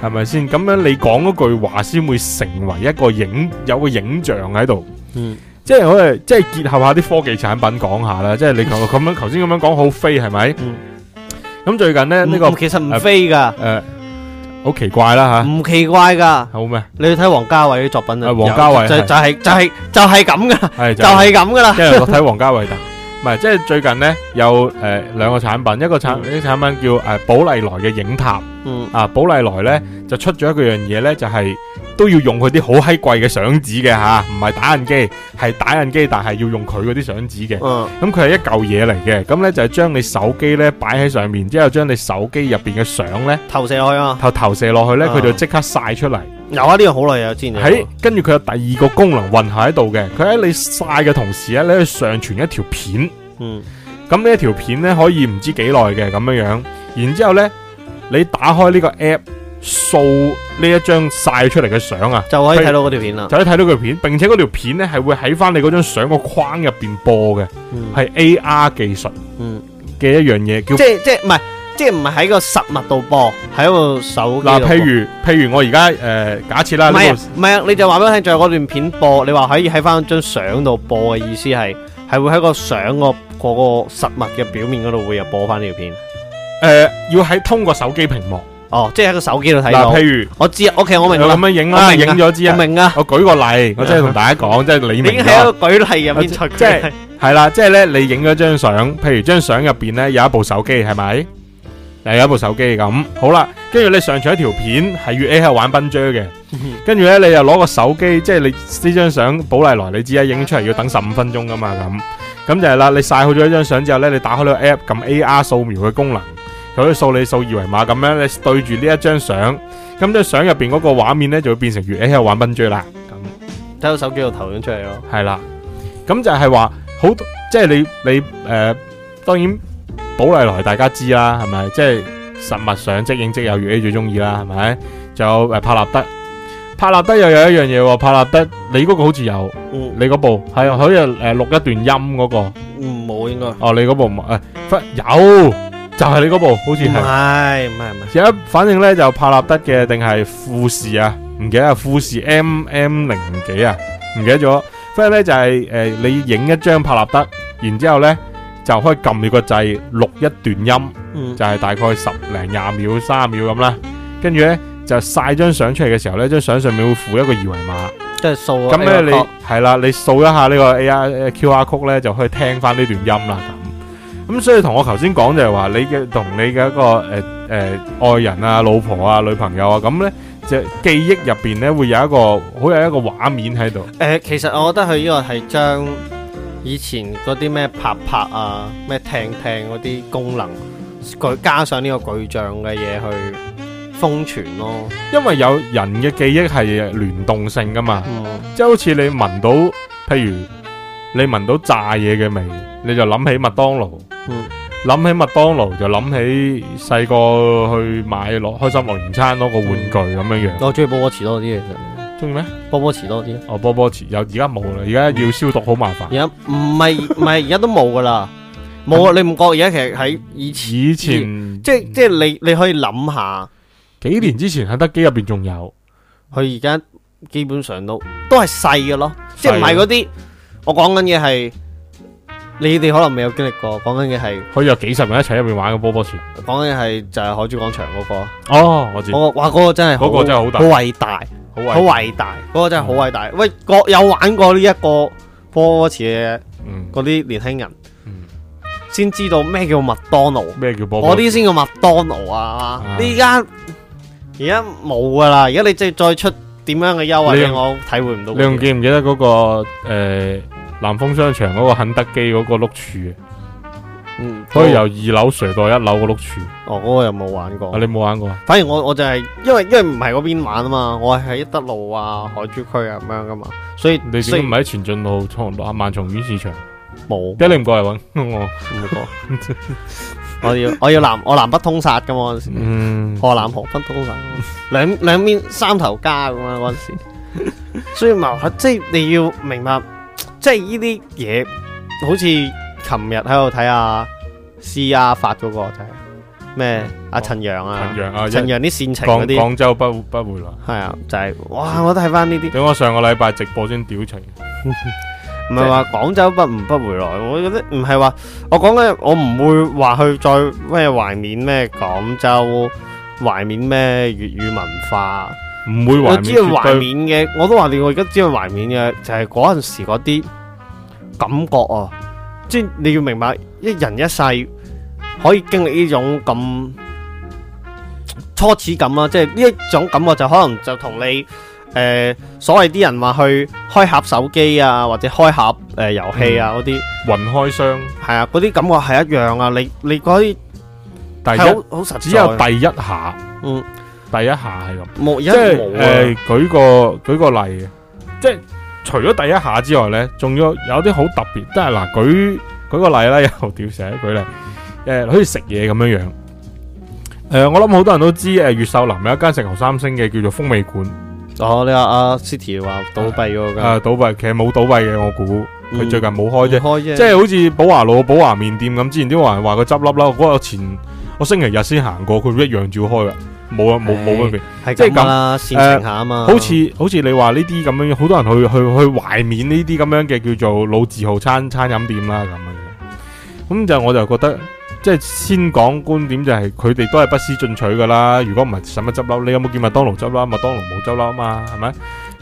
[SPEAKER 1] 係咪先？咁樣你講嗰句話先會成為一個影有個影像喺度、uh-huh. 即係我哋即係結合下啲科技產品講下啦。即係你頭咁 (laughs) 樣頭先咁樣
[SPEAKER 2] 講好飛係咪？咁、uh-huh. 最近呢，呢、這個、uh-huh. uh, 其實唔飛噶。誒、uh, uh。好奇怪啦吓，唔奇怪噶。好咩？你去睇王家衛啲作品啊，王家衛就就係、係、就係、係、就係咁噶，係
[SPEAKER 1] 就係咁噶啦。即係我睇
[SPEAKER 2] 王家衛嘅，唔係即係最近咧有
[SPEAKER 1] 誒呃、兩個產品，嗯、一個產呢、嗯、產品叫誒寶麗來嘅影塔。嗯，啊，寶麗來呢就出咗一個樣嘢呢就係都要用佢啲好閪貴嘅相紙嘅吓，唔係打印機，係打印機，但係要用佢嗰啲相紙嘅。咁佢係一嚿嘢嚟嘅，咁呢就係將你手機呢擺喺上面，之後將你手機入邊嘅相呢投射落去啊，投射落去呢，佢就即刻曬出嚟。
[SPEAKER 2] 有啊，呢個好耐有先。喺
[SPEAKER 1] 跟住佢有第二個
[SPEAKER 2] 功能混合
[SPEAKER 1] 喺度嘅，佢喺你曬嘅同時呢，你去上傳一條片。咁呢一條片呢，可以唔知幾耐嘅咁樣樣，然之後你打開呢個 app，掃呢一張曬出嚟嘅相啊，就可以睇到嗰條片啦。就可以睇到嗰條片，並且嗰條片咧係會喺翻你嗰張相個框入邊播嘅，係、嗯、A R 技術嘅一樣嘢、嗯，叫即係即
[SPEAKER 2] 係唔係即係唔係喺個實物度播，喺個手嗱、啊。譬如譬如我而家誒假設啦，唔係唔係啊，你就話俾我聽，就係段片播，你話可以喺翻張相度播嘅意思係係會喺個相個嗰個實物嘅表面嗰度會有播翻呢條片。誒、呃，要喺通過手機屏幕哦，即係喺個手機度睇嗱，譬如我知，OK，我明。我咁樣影啦，影咗
[SPEAKER 1] 知，後，明啊。我舉個例，嗯、我即係同大家講，即、嗯、係、就是、你影喺個舉
[SPEAKER 2] 例入面出。即係
[SPEAKER 1] 係 (laughs) 啦，即係咧，你影咗張相，譬如張相入邊咧有一部手機，係咪？誒，有一部手機咁、嗯、好啦，跟住你上傳一條片係用 A 喺度玩 b e 嘅，跟住咧你又攞個手機，即係你呢張相保麗來，你知啦，影出嚟要等十五分鐘噶嘛？咁咁就係啦。你晒好咗一張相之後咧，你打開呢個 App 撳 A R 掃描嘅功能。佢可以掃你掃二維碼咁樣，你對住呢一張相，咁呢相入邊嗰個畫面咧，就會變成月 A 喺度玩賓 J 啦。咁
[SPEAKER 2] 睇到手機就投影出嚟咯。
[SPEAKER 1] 係啦，咁就係話好，即係你你誒、呃，當然寶麗來大家知啦，係咪？即係實物相即影即有月 A 最中意啦，係咪？仲有誒帕納德，帕納德又有一樣嘢，帕納德你嗰個好似有，嗯、你嗰部係可以誒錄一段音嗰個
[SPEAKER 2] 唔冇應該。
[SPEAKER 1] 哦，你嗰部唔誒、哎，有。就係、是、你嗰部好似係唔係唔係唔係，而家反正咧就帕納德嘅定係富士啊，唔記得啊，富士 M M 零幾啊，唔記得咗，反正咧就係、是、誒、呃、你影一張帕納德，然之後咧就可以撳住個掣錄一段音，嗯、就係、是、大概十零廿秒、卅秒，咁啦。跟住咧就晒張相出嚟嘅時候咧，張相上面會附一個二維碼，即係掃咁咧，你係啦，你掃一下這個呢個 A I QR 曲咧，就可以聽翻呢段音啦。咁所以同我頭先講就係話，你嘅，同你嘅一個誒誒愛人啊、老婆啊、女朋友啊，咁呢即係記憶入邊呢會有一個好有一個畫面喺度。
[SPEAKER 2] 誒，其實我覺得佢呢個係將以前嗰啲咩拍拍啊、咩聽聽嗰啲功能，佢加上呢個巨像嘅嘢去封存咯。
[SPEAKER 1] 因為有人嘅記憶係聯動性噶嘛，即係好似你聞到，譬如你聞到炸嘢嘅味，你就諗起麥當勞。嗯，諗起麥當勞就諗起細個去買樂開心樂園餐攞個
[SPEAKER 2] 玩具咁樣樣。我中意波波池多啲，其實中意咩？波波池多啲。哦，波波池又而家冇啦，而家要消毒好麻煩。而家唔係唔係，而家 (laughs) 都冇噶啦，冇啊！你唔覺而家其實喺以前，以前以即係即係你你可以諗下、嗯，幾年之前肯德基入邊仲有，佢而家基本上都都係細嘅咯，即係唔係嗰啲我講緊嘢係。你哋可能未有經歷過，講緊嘅係可以有幾十人一齊入面玩個波波池。講緊嘅係就係海珠廣場嗰個。哦，我知、我話。哇，嗰、嗰個真係，嗰、嗰個真係好大，好偉大，嗰、嗰個真係好偉大、嗯。喂，有玩過呢一個波波池嘅嗰啲年輕人、嗯嗯，先知道咩叫麥當勞，咩叫波，波。我啲先叫麥當勞啊，呢家而家冇噶啦，而家你即係再出點樣嘅優惠我，我體會唔到。你仲記唔記得嗰、嗰
[SPEAKER 1] 個誒？呃南豐商場嗰個肯德基嗰個碌柱，嗯，
[SPEAKER 2] 可以由
[SPEAKER 1] 二樓垂到一樓個碌柱。
[SPEAKER 2] 哦，嗰、那個又冇玩過。啊，你冇玩過？反而我我就係、是、因為因為唔係嗰邊玩啊嘛，我係喺一德路啊、海珠區啊咁樣噶嘛，
[SPEAKER 1] 所以，所以你點唔係喺
[SPEAKER 2] 前進路創萬萬松苑市場？冇。一你唔過嚟搵我？唔過 (laughs) 我，我要我要南我南北通殺噶嘛，嗯，河南河北通殺，兩兩邊三頭家咁啊嗰陣時，所以，所以，所以即係你要明白。即係呢啲嘢，好似琴日喺度睇下 C R 發嗰個就係咩阿陳陽啊，陳陽啲煽情嗰啲。廣州，啊就是 (laughs) 就是、州不不回來係啊，就係哇！我都睇翻呢啲。等我上個禮拜直播先屌情，
[SPEAKER 3] 唔
[SPEAKER 2] 係話廣州不唔不回來，我覺得唔係話我講緊，我唔會話去再咩懷緬咩廣州，懷緬咩粵語文化。唔會懷念嘅，我都話你，我而家只係懷念嘅，就係嗰陣時嗰啲感覺啊！即係你要明白，一人一世可以經歷呢種咁初始感啦，即係呢一種感覺就可能就同你誒，所謂啲人話去開盒手機啊，或者開盒誒遊戲啊嗰啲，雲開箱，係啊，嗰啲感覺係一樣啊！你你嗰啲係好好實在，只有第一下，嗯。第一下係咁，啊，即係誒、呃，
[SPEAKER 1] 舉個舉個例嘅，即係除咗第一下之外咧，仲要有啲好特別。即係嗱，舉舉個例啦，又屌寫、呃、一句誒，好似食嘢咁樣樣。誒、呃，我諗好多人都知誒、越、呃、秀南有一間食牛三星嘅，叫做風味館哦。你話阿、啊、City 話倒閉咗噶，誒，倒閉其實冇倒閉嘅，我估佢、嗯、最近冇開啫，即係好似寶華路寶華麵店咁。之前啲人話佢執笠啦，我我前我星期日先行過，佢一樣照開嘅。冇、欸、啊冇冇分別，係即係咁啦，善念下啊嘛。好似好似你話呢啲咁樣，好多人去去去懷緬呢啲咁樣嘅叫做老字號餐餐飲店啦咁樣。咁就我就覺得，即、就、係、是、先講觀點、就是，就係佢哋都係不思進取噶啦。如果唔係，使乜執笠？你有冇見麥當勞執笠？麥當勞冇執笠啊嘛，係咪？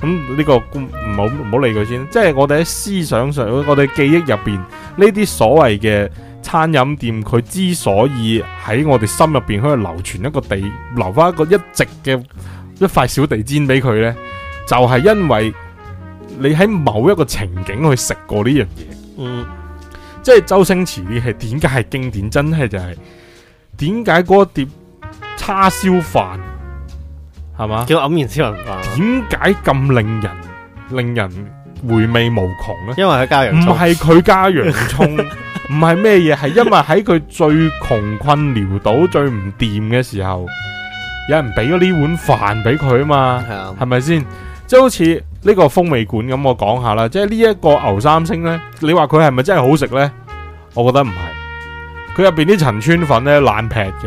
[SPEAKER 1] 咁呢、這個公唔好唔好理佢先。即、就、係、是、我哋喺思想上，我哋記憶入邊呢啲所謂嘅。餐飲店佢之所以喺我哋心入邊可以流傳一個地留翻一個一直嘅一塊小地氈俾佢呢，就係、是、因為你喺某一個情景去食過呢樣嘢。嗯，即係周星馳啲係點解係經典？真係就係點解嗰碟叉燒飯係嘛叫黯然銷魂飯？點解咁令人令人回味無窮咧？因為佢加洋葱，唔係佢加洋葱。 (laughs) 唔係咩嘢，係因為喺佢最窮困潦倒， (laughs) 最唔掂嘅時候，有人俾咗呢碗飯俾佢啊嘛，係咪先？即係好似呢個風味館咁，我講下啦。即係呢一個牛三星呢，你話佢係咪真係好食呢？我覺得唔係。佢入邊啲陳村粉呢，爛劈嘅，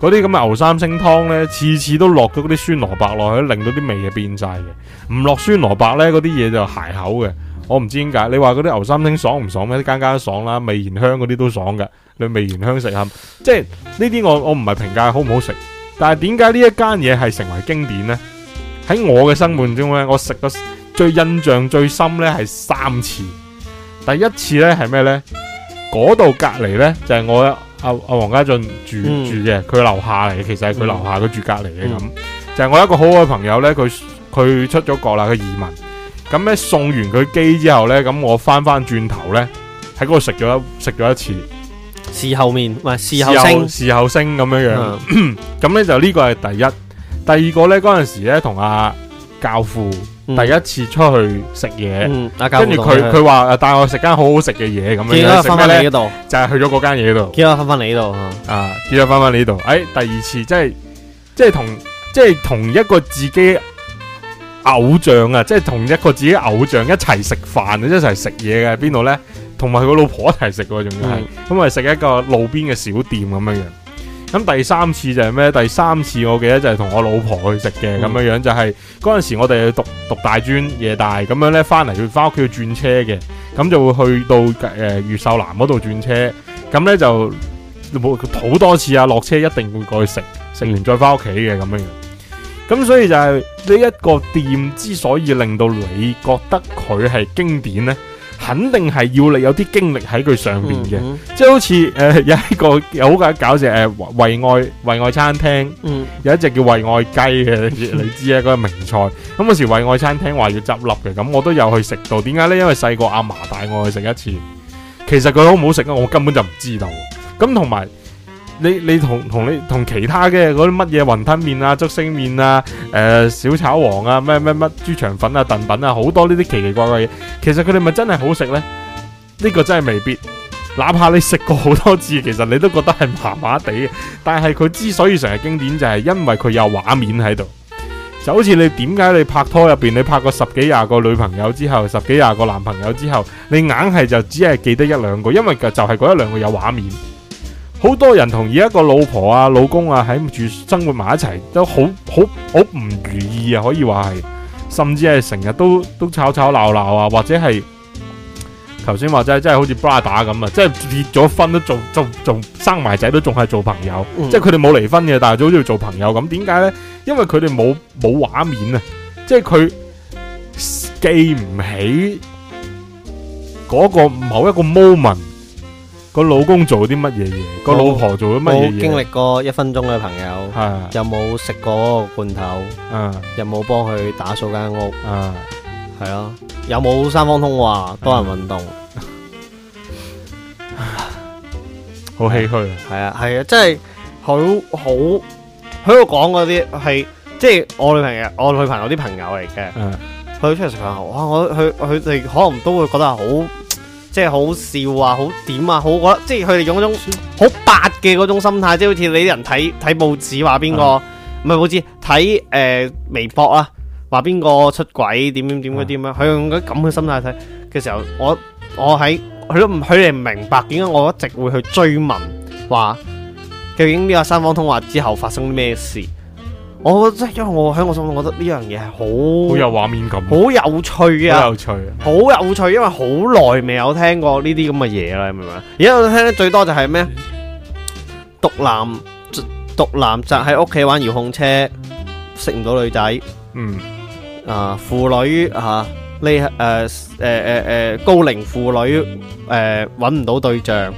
[SPEAKER 1] 嗰啲咁嘅牛三星湯呢，次次都落咗嗰啲酸蘿蔔落去，令到啲味嘢變晒嘅。唔落酸蘿蔔呢，嗰啲嘢就鞋口嘅。我唔知點解，你話嗰啲牛三星爽唔爽咩？啲間間爽啦，味然香嗰啲都爽㗎，啊。你味然香食下，即係呢啲我我唔係評價好唔好食，但係點解呢一間嘢係成為經典呢？喺我嘅生活中咧，我食得最印象最深咧係三次。第一次咧係咩呢？嗰度隔籬呢，就係、是、我阿阿黃家俊住，嗯、住嘅，佢樓下嚟，其實係佢樓下佢，嗯、住隔籬嘅咁。就係、是、我一個好好嘅朋友呢，佢佢出咗國啦，佢移民。咁咧送完佢機之後咧，咁我翻翻轉頭咧喺嗰度食咗一食咗一次，事後面唔係事後升，事後升咁樣樣。咁、嗯、咧 (coughs) 就呢個係第一，第二個咧嗰陣時咧同阿教父第一次出去食嘢，跟住佢佢話帶我食間好好食嘅嘢，咁樣翻翻嚟度，就係去咗嗰間嘢度，結咗翻翻嚟呢度，啊結咗翻翻嚟呢度，誒、哎、第二次即係即係同即係同一個自己。偶像啊，即係同一個自己偶像一齊食飯，一齊食嘢嘅邊度呢？同埋佢個老婆一齊食、啊，仲要係咁咪食一個路邊嘅小店咁樣樣。咁第三次就係咩？第三次我記得就係同我老婆去食嘅咁樣樣，就是，就係嗰陣時候我哋讀讀大專夜大咁樣呢翻嚟，要翻屋企要轉車嘅，咁就會去到誒、呃、越秀南嗰度轉車，咁呢就冇好多次啊落車一定會過去食，食完再翻屋企嘅咁樣樣。咁所以就係呢一個店之所以令到你覺得佢係經典呢，肯定係要你有啲經歷喺佢上面嘅，嗯嗯，即係好似誒、呃、有一個好鬼搞嘅誒惠愛惠愛餐廳，有一隻、呃嗯、叫惠愛雞嘅，你知你知啊？嗰、嗰個名菜。咁嗰時惠愛餐廳話要執笠嘅，咁我都有去食到。點解呢？因為細個阿嫲帶我去食一次，其實佢好唔好食呀，我根本就唔知道。咁同埋。你你同同你同其他嘅嗰啲乜嘢雲吞麵啊、竹升麵啊、誒、呃、小炒王啊、咩咩乜豬腸粉啊、燉品啊，好多呢啲奇奇怪怪嘢，其實佢哋咪真係好食呢？呢、呢個真係未必，哪怕你食過好多次，其實你都覺得係麻麻地嘅。但係佢之所以成日經典，就係因為佢有畫面喺度。就好似你點解你拍拖入邊，你拍過十幾廿個女朋友之後，十幾廿個男朋友之後，你硬係就只係記得一兩個，因為就就係嗰一兩個有畫面。好多人同而家一個老婆啊、老公啊喺住生活埋一齊都好好好唔如意啊，可以話係，甚至係成日都都吵吵鬧鬧啊，或者係頭先話齋，真係、真係、好似 bra 打咁啊，即係結咗婚都仲仲仲生埋仔都仲係做朋友，嗯、即係佢哋冇離婚嘅，但係都好似做朋友咁，點解咧？因為佢哋冇冇畫面啊，即係佢記唔起嗰個某一個 moment。個老公做咗啲乜嘢嘢？個老婆做咗乜嘢嘢？我經歷
[SPEAKER 2] 過一分鐘嘅朋友，係有冇食過罐頭？嗯，有冇幫佢打掃間屋？嗯，係咯，有冇三方通話？多人運動，好唏噓。係啊，係啊，真係好好喺度講嗰啲係，即係我女朋友，我女朋友啲朋友嚟嘅。嗯，佢出嚟食飯，哇！我佢佢哋可能都會覺得好。即係好笑啊，好點啊，好我覺得即係佢哋用嗰種好白嘅嗰種心態，即係好似你啲人睇睇報紙話邊個唔係報紙睇誒微博啊，話邊個出軌點點點嗰啲咁樣，點樣，點樣、啊，佢、嗯、用嗰咁嘅心態睇嘅時候我，我我喺佢都佢哋唔明白點解我一直會去追問話究竟呢個三方通話之後發生咩事？我即係因為我喺我心中覺得呢樣嘢係好好有畫面感，好有趣啊，好有趣，好有趣，因為好耐未有聽過呢啲咁嘅嘢啦，你明唔明？而家我聽得最多就係咩？毒男毒男宅喺屋企玩遙控車，識唔到女仔。嗯啊，婦女吓呢？誒誒誒誒，高齡婦女誒，搵唔到對象。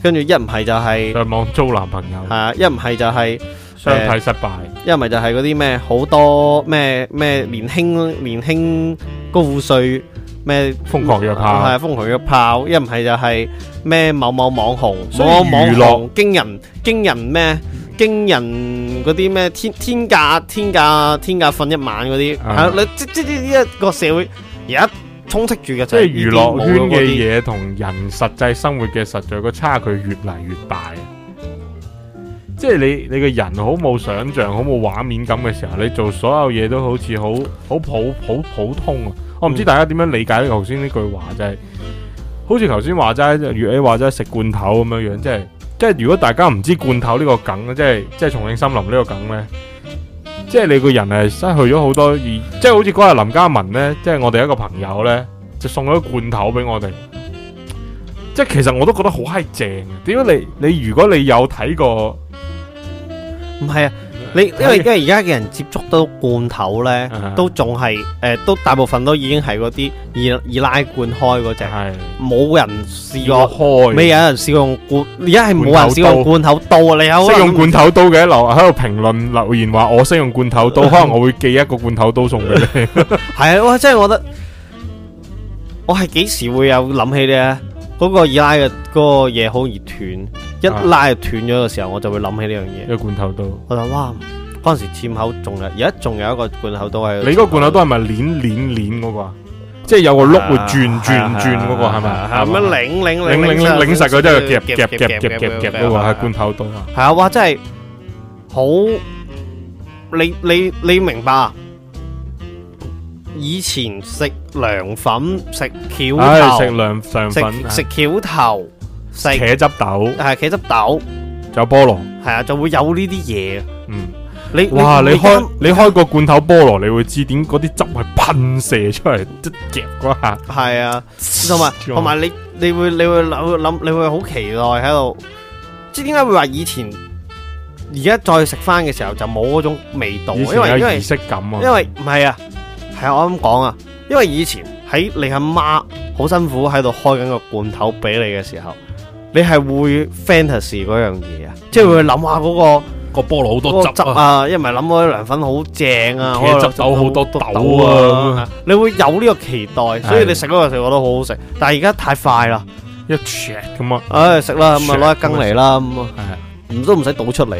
[SPEAKER 2] 跟住一唔係就係上網租男朋友，係啊！一唔係就係。相睇失敗，一唔係就係嗰啲咩好多咩咩年輕年輕高富帥咩瘋狂約炮，係瘋狂約炮，一唔係就係咩某某網紅，某某網紅驚人驚人咩驚人嗰啲咩天天價天價天價瞓一晚嗰啲，係你即即即一個社會而家充斥住嘅即係娛樂圈嘅嘢
[SPEAKER 1] 同人實際生活嘅實在個差距越嚟越大。即係你你個人好冇想象，好冇畫面感嘅時候，你做所有嘢都好似好好普好普通啊！嗯、我唔知大家點樣理解呢頭先呢句話，就係、是、好似頭先話齋，粵語話齋食罐頭咁樣樣，就是、即係即係如果大家唔知罐頭呢個梗，即係即係重慶森林呢個梗呢，即係你個人係失去咗好多，即係好似嗰日林嘉文呢，即、就、係、是、我哋一個朋友呢，就送咗罐頭俾我哋，即係其實我都覺得好閪正啊！點解你你如
[SPEAKER 2] 果你有睇過？唔係啊，你因為因為而家嘅人接觸到罐頭咧，都仲係誒，都大部分都已經係嗰啲易易拉罐開嗰隻，係冇人試過開，未有人試過用罐，而家係冇人試過罐頭刀啊！你用，用罐頭
[SPEAKER 1] 刀嘅留喺度評論留言話，我使用罐頭刀， (laughs) 可能我會寄一個罐頭刀送俾你。
[SPEAKER 2] 係 (laughs) 啊， (laughs) 我真係覺得，我係幾時會有諗起咧、啊？嗰、那個易拉嘅嗰、那個嘢好易斷。一拉斷咗嘅時候，我就會諗起呢樣嘢。個罐頭刀，我諗，哇，嗰陣時嵌口仲有，而家仲有一個罐頭刀喺度。你個
[SPEAKER 1] 罐頭刀係咪鏈鏈鏈嗰個啊？即係有個碌會轉轉轉嗰個係咪？咁樣擰擰擰擰擰擰實佢之後夾夾夾夾夾夾嗰個係罐頭刀。
[SPEAKER 2] 係啊，哇，真係好，你你你明白啊？以前食涼粉食橋頭，食涼涼粉食橋頭。茄汁豆係茄汁豆，仲有菠蘿係啊，就會有呢啲嘢。嗯，你，你哇，你開你，
[SPEAKER 1] 你開個罐頭菠蘿，你會知點嗰啲汁係噴射出嚟，即夾嗰
[SPEAKER 2] 下係啊。同埋同埋，你你會你會諗諗，你會好期待喺度。即點解會話以前而家再食翻嘅時候就冇嗰種味道？因為因為儀式感啊，因為唔係啊，係啊，我咁講啊，因為以前喺你阿媽好辛苦喺度開緊個罐頭俾你嘅時候。你係會 fantasy 嗰樣嘢啊？即係會諗下嗰個個菠蘿好多汁啊，因為唔係諗嗰啲涼粉好正啊，茄汁豆好多豆啊，你會有呢個期待，所以你食嗰陣時覺得好好食。但係而家太快啦，一隻咁啊，唉，食啦咁啊，攞一羹嚟啦咁啊，唔都唔使倒出嚟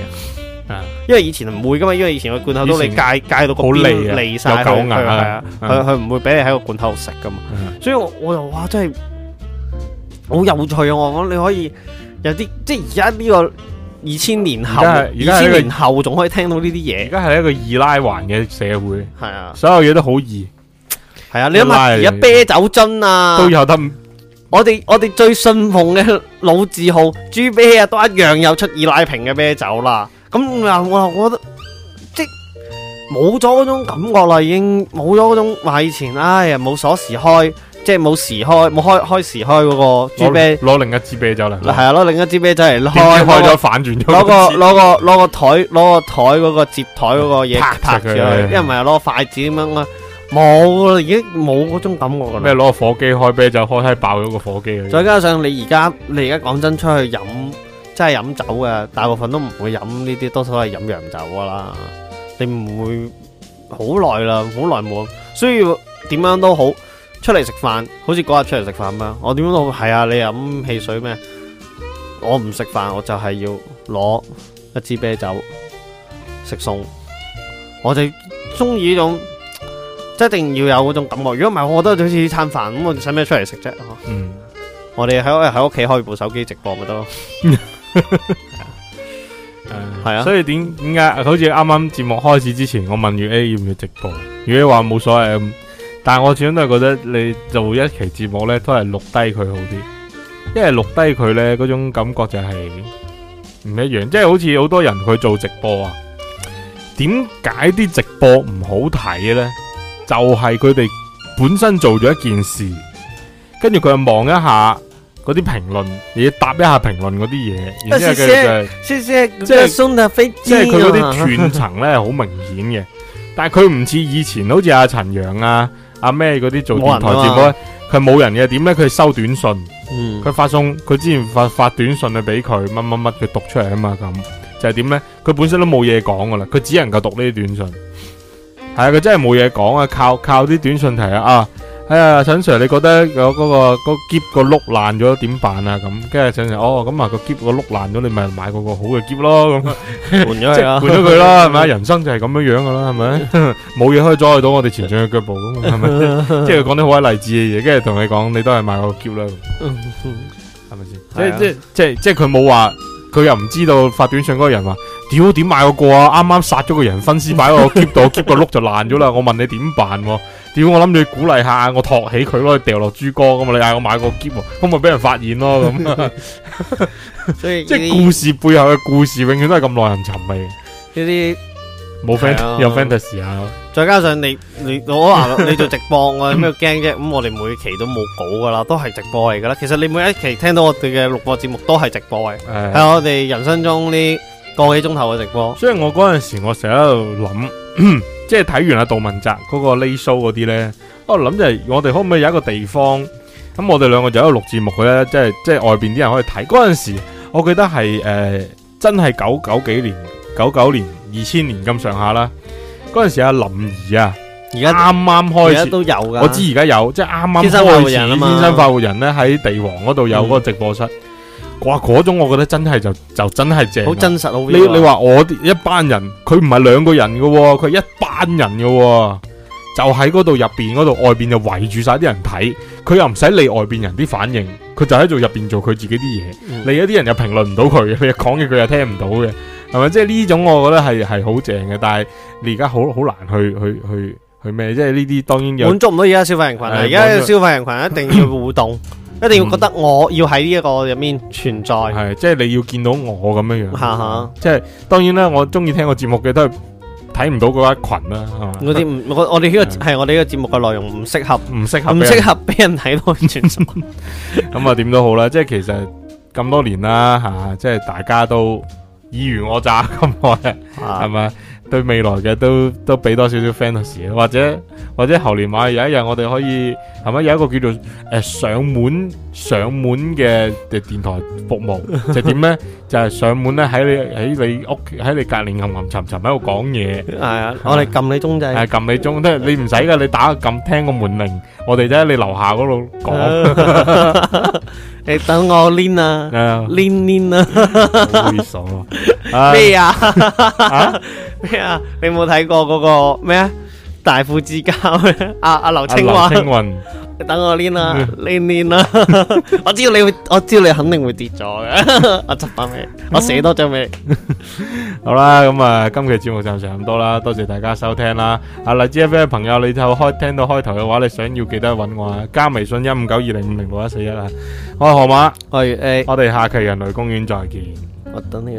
[SPEAKER 2] 啊，因為以前唔會㗎嘛，因為以前個罐頭都你戒戒到個邊離曬佢，佢佢唔會俾你喺個罐頭度食㗎嘛，所以我我就哇真係～好有趣啊！我覺得你可以有啲即係而家呢個二千年後，二千年後仲可以聽到呢啲嘢。而家係一個易拉環嘅社會，係啊，所有嘢都好易。係啊，你諗下而家啤酒樽啊，都有得。我哋我哋最信奉嘅老字號，珠啤啊，都一樣有出易拉瓶嘅啤酒啦。咁嗱，我我覺得即係冇咗嗰種感覺啦，已經冇咗嗰種話以前唉，冇鎖匙開。即係冇時開，冇開開時開嗰個樽啤，攞另一支啤酒嚟。係啊，攞另一支啤酒嚟開，開咗反轉咗。攞個攞個攞個台，攞個台嗰個接台嗰個嘢拍住佢，因為唔係攞筷子咁樣咯。冇咯，已經冇嗰種感覺噶啦。咩攞個火機開啤酒，開開爆咗個火機。再加上你而家你而家講真出去飲，即係飲酒嘅，大部分都唔會飲呢啲，多數都係飲洋酒噶啦。你唔會好耐啦，好耐冇，所以點樣都好。出嚟食飯，好似嗰日出嚟食飯咁樣。我點都係啊，你飲汽水咩？我唔食飯，我就係要攞一支啤酒食餸。我就中意呢種，即一定要有嗰種感覺。如果唔係，我覺得好似餐飯咁，嗯、我使咩出嚟食啫？我哋喺屋喺屋企開部手機直播咪得咯。
[SPEAKER 1] 係、 (laughs) (laughs) uh, 啊，所以點點解好似啱啱節目開始之前，我問住 A 要唔要直播？如果 A 話冇所謂。Um... 但係我始終都係覺得你做一期節目咧，都係錄低佢好啲，因為錄低佢咧，嗰種感覺就係唔一樣，即係好似好多人佢做直播啊，點解啲直播唔好睇咧？就係佢哋本身做咗一件事，跟住佢又望一下嗰啲評論，你答一下評論嗰啲嘢，然之
[SPEAKER 2] 後佢就即係鬆下飛機，即係佢嗰啲斷
[SPEAKER 1] 層咧好明顯嘅， (laughs) 但係佢唔似以前，好似阿陳陽啊。阿 May 嗰啲做電台主播咧，佢冇人嘅點咧？佢收短信，佢、嗯、發送佢之前發發短信去俾佢乜乜乜，佢讀出嚟啊嘛，咁就係點咧？佢本身都冇嘢講噶啦，佢只能夠讀呢啲短信，係啊，佢真係冇嘢講啊，靠靠啲短信嚟啊啊！哎呀，陳 Sir，你覺得有、那、嗰個、那個篋個碌爛咗點辦啊？咁，跟住陳 Sir，哦，咁、那、啊個篋個碌爛咗，你咪買個個好嘅篋咯，咁換咗佢換咗佢啦，係咪？ (laughs) (laughs) 人生就係咁樣樣噶啦，係咪？冇 (laughs) 嘢可以阻礙到我哋前進嘅腳步，係 (laughs) 咪不是？ (laughs) 即係講啲好鬼勵志嘅嘢，跟住同你講，你都係買個篋啦，係咪
[SPEAKER 3] 先？即係即係
[SPEAKER 1] 即係即係佢冇話，佢又唔知道發短信嗰個人話。屌，點買個個啊！啱啱殺咗個人分屍，擺喺個 keep 度，keep 個碌就爛咗啦。我問你點辦？屌，我諗住鼓勵下，我托起佢咯，掉落珠江啊嘛！你嗌我買個 keep，可唔可俾人發現咯？咁啊，所
[SPEAKER 3] 以即係故
[SPEAKER 1] 事背後嘅故事，永遠都係咁耐人尋味。嗰
[SPEAKER 2] 啲冇 friend 有 fantasy 啊！再加上你你我話你做直播，我有咩驚啫？咁我哋每期都冇稿噶啦，都係直播嚟噶啦。其實你每一期聽到我哋嘅錄播節目，都係直播嘅。係我哋人生中呢。過幾個幾鐘頭嘅直播，所以我嗰陣時我成日喺度諗，
[SPEAKER 1] 即係睇完阿杜汶澤嗰個 Late Show 嗰啲呢，我諗就係我哋可唔可以有一個地方，咁我哋兩個就喺度錄節目嘅呢？即係即係外邊啲人可以睇。嗰陣時我記得係誒、呃，真係九九幾年、九九年、二千年咁上下啦。嗰陣時阿、啊、林儀啊，而家啱啱開始，而家都有噶，我知而家有，即係啱啱天生發活人啊嘛，天生發活人呢，喺地王嗰度有嗰個直播室。嗯哇！嗰種我覺得真係就就真係正，好真實好。你你話我哋一班人，佢唔係兩個人嘅，佢一班人嘅，就喺嗰度入邊嗰度，外邊就圍住晒啲人睇，佢又唔使理外邊人啲反應，佢就喺度入邊做佢自己啲嘢，嗯。你一啲人又評論唔到佢嘅，佢又講嘅佢又聽唔到嘅，係咪？即係呢種我覺得係係好正嘅，但係你而家好好難去去去去咩？即係呢啲當然
[SPEAKER 2] 滿足唔到而家消費人群，而家消費人群一定要互動。 (coughs) 一定要覺得我要喺呢一個入面存在，係、嗯、即係你要見到我咁樣樣，即係、就是、當然啦。我中意聽個節目嘅都睇唔到嗰一群啦，嗰啲我哋呢個係我哋呢個節目嘅內容唔適合，唔適合，唔適合俾人睇到全
[SPEAKER 1] 咁啊，點都好啦，即係其實咁多年啦嚇，即係大家都以虞我詐咁耐，係咪？ (laughs) 啊 (laughs) 對未來嘅都都俾多少少 fantasy 或者或者猴年馬月有一日我哋可以係咪有一個叫做誒、呃、上門上門嘅嘅電台服務，就點、係、咧？ (laughs) 就係上門咧，喺你喺你屋喺你隔籬含含沉沉喺度講嘢。係啊，我哋撳你鐘仔。係撳你鐘，即係你唔使噶，你打個撳聽個門鈴，我哋就喺你樓下嗰度講。
[SPEAKER 2] 你等我攣啊，攣攣啊，唔爽啊！咩啊咩啊？你有冇睇過嗰個咩啊？《大富之家》咩？阿阿劉青雲。你等我練啦，練練啦，我知道你會，我知道你肯定會跌咗嘅。我執返你，我寫
[SPEAKER 1] 多張咪。好啦，咁啊，今期節目就咁多啦，多謝大家收聽啦。阿荔枝啊，friend 朋友，你就開聽到開頭嘅話，你想要記得揾我啊，加微信一五九二零五零六一四一啊。我係何馬，我係誒，我哋下期人類公園再見。我等你。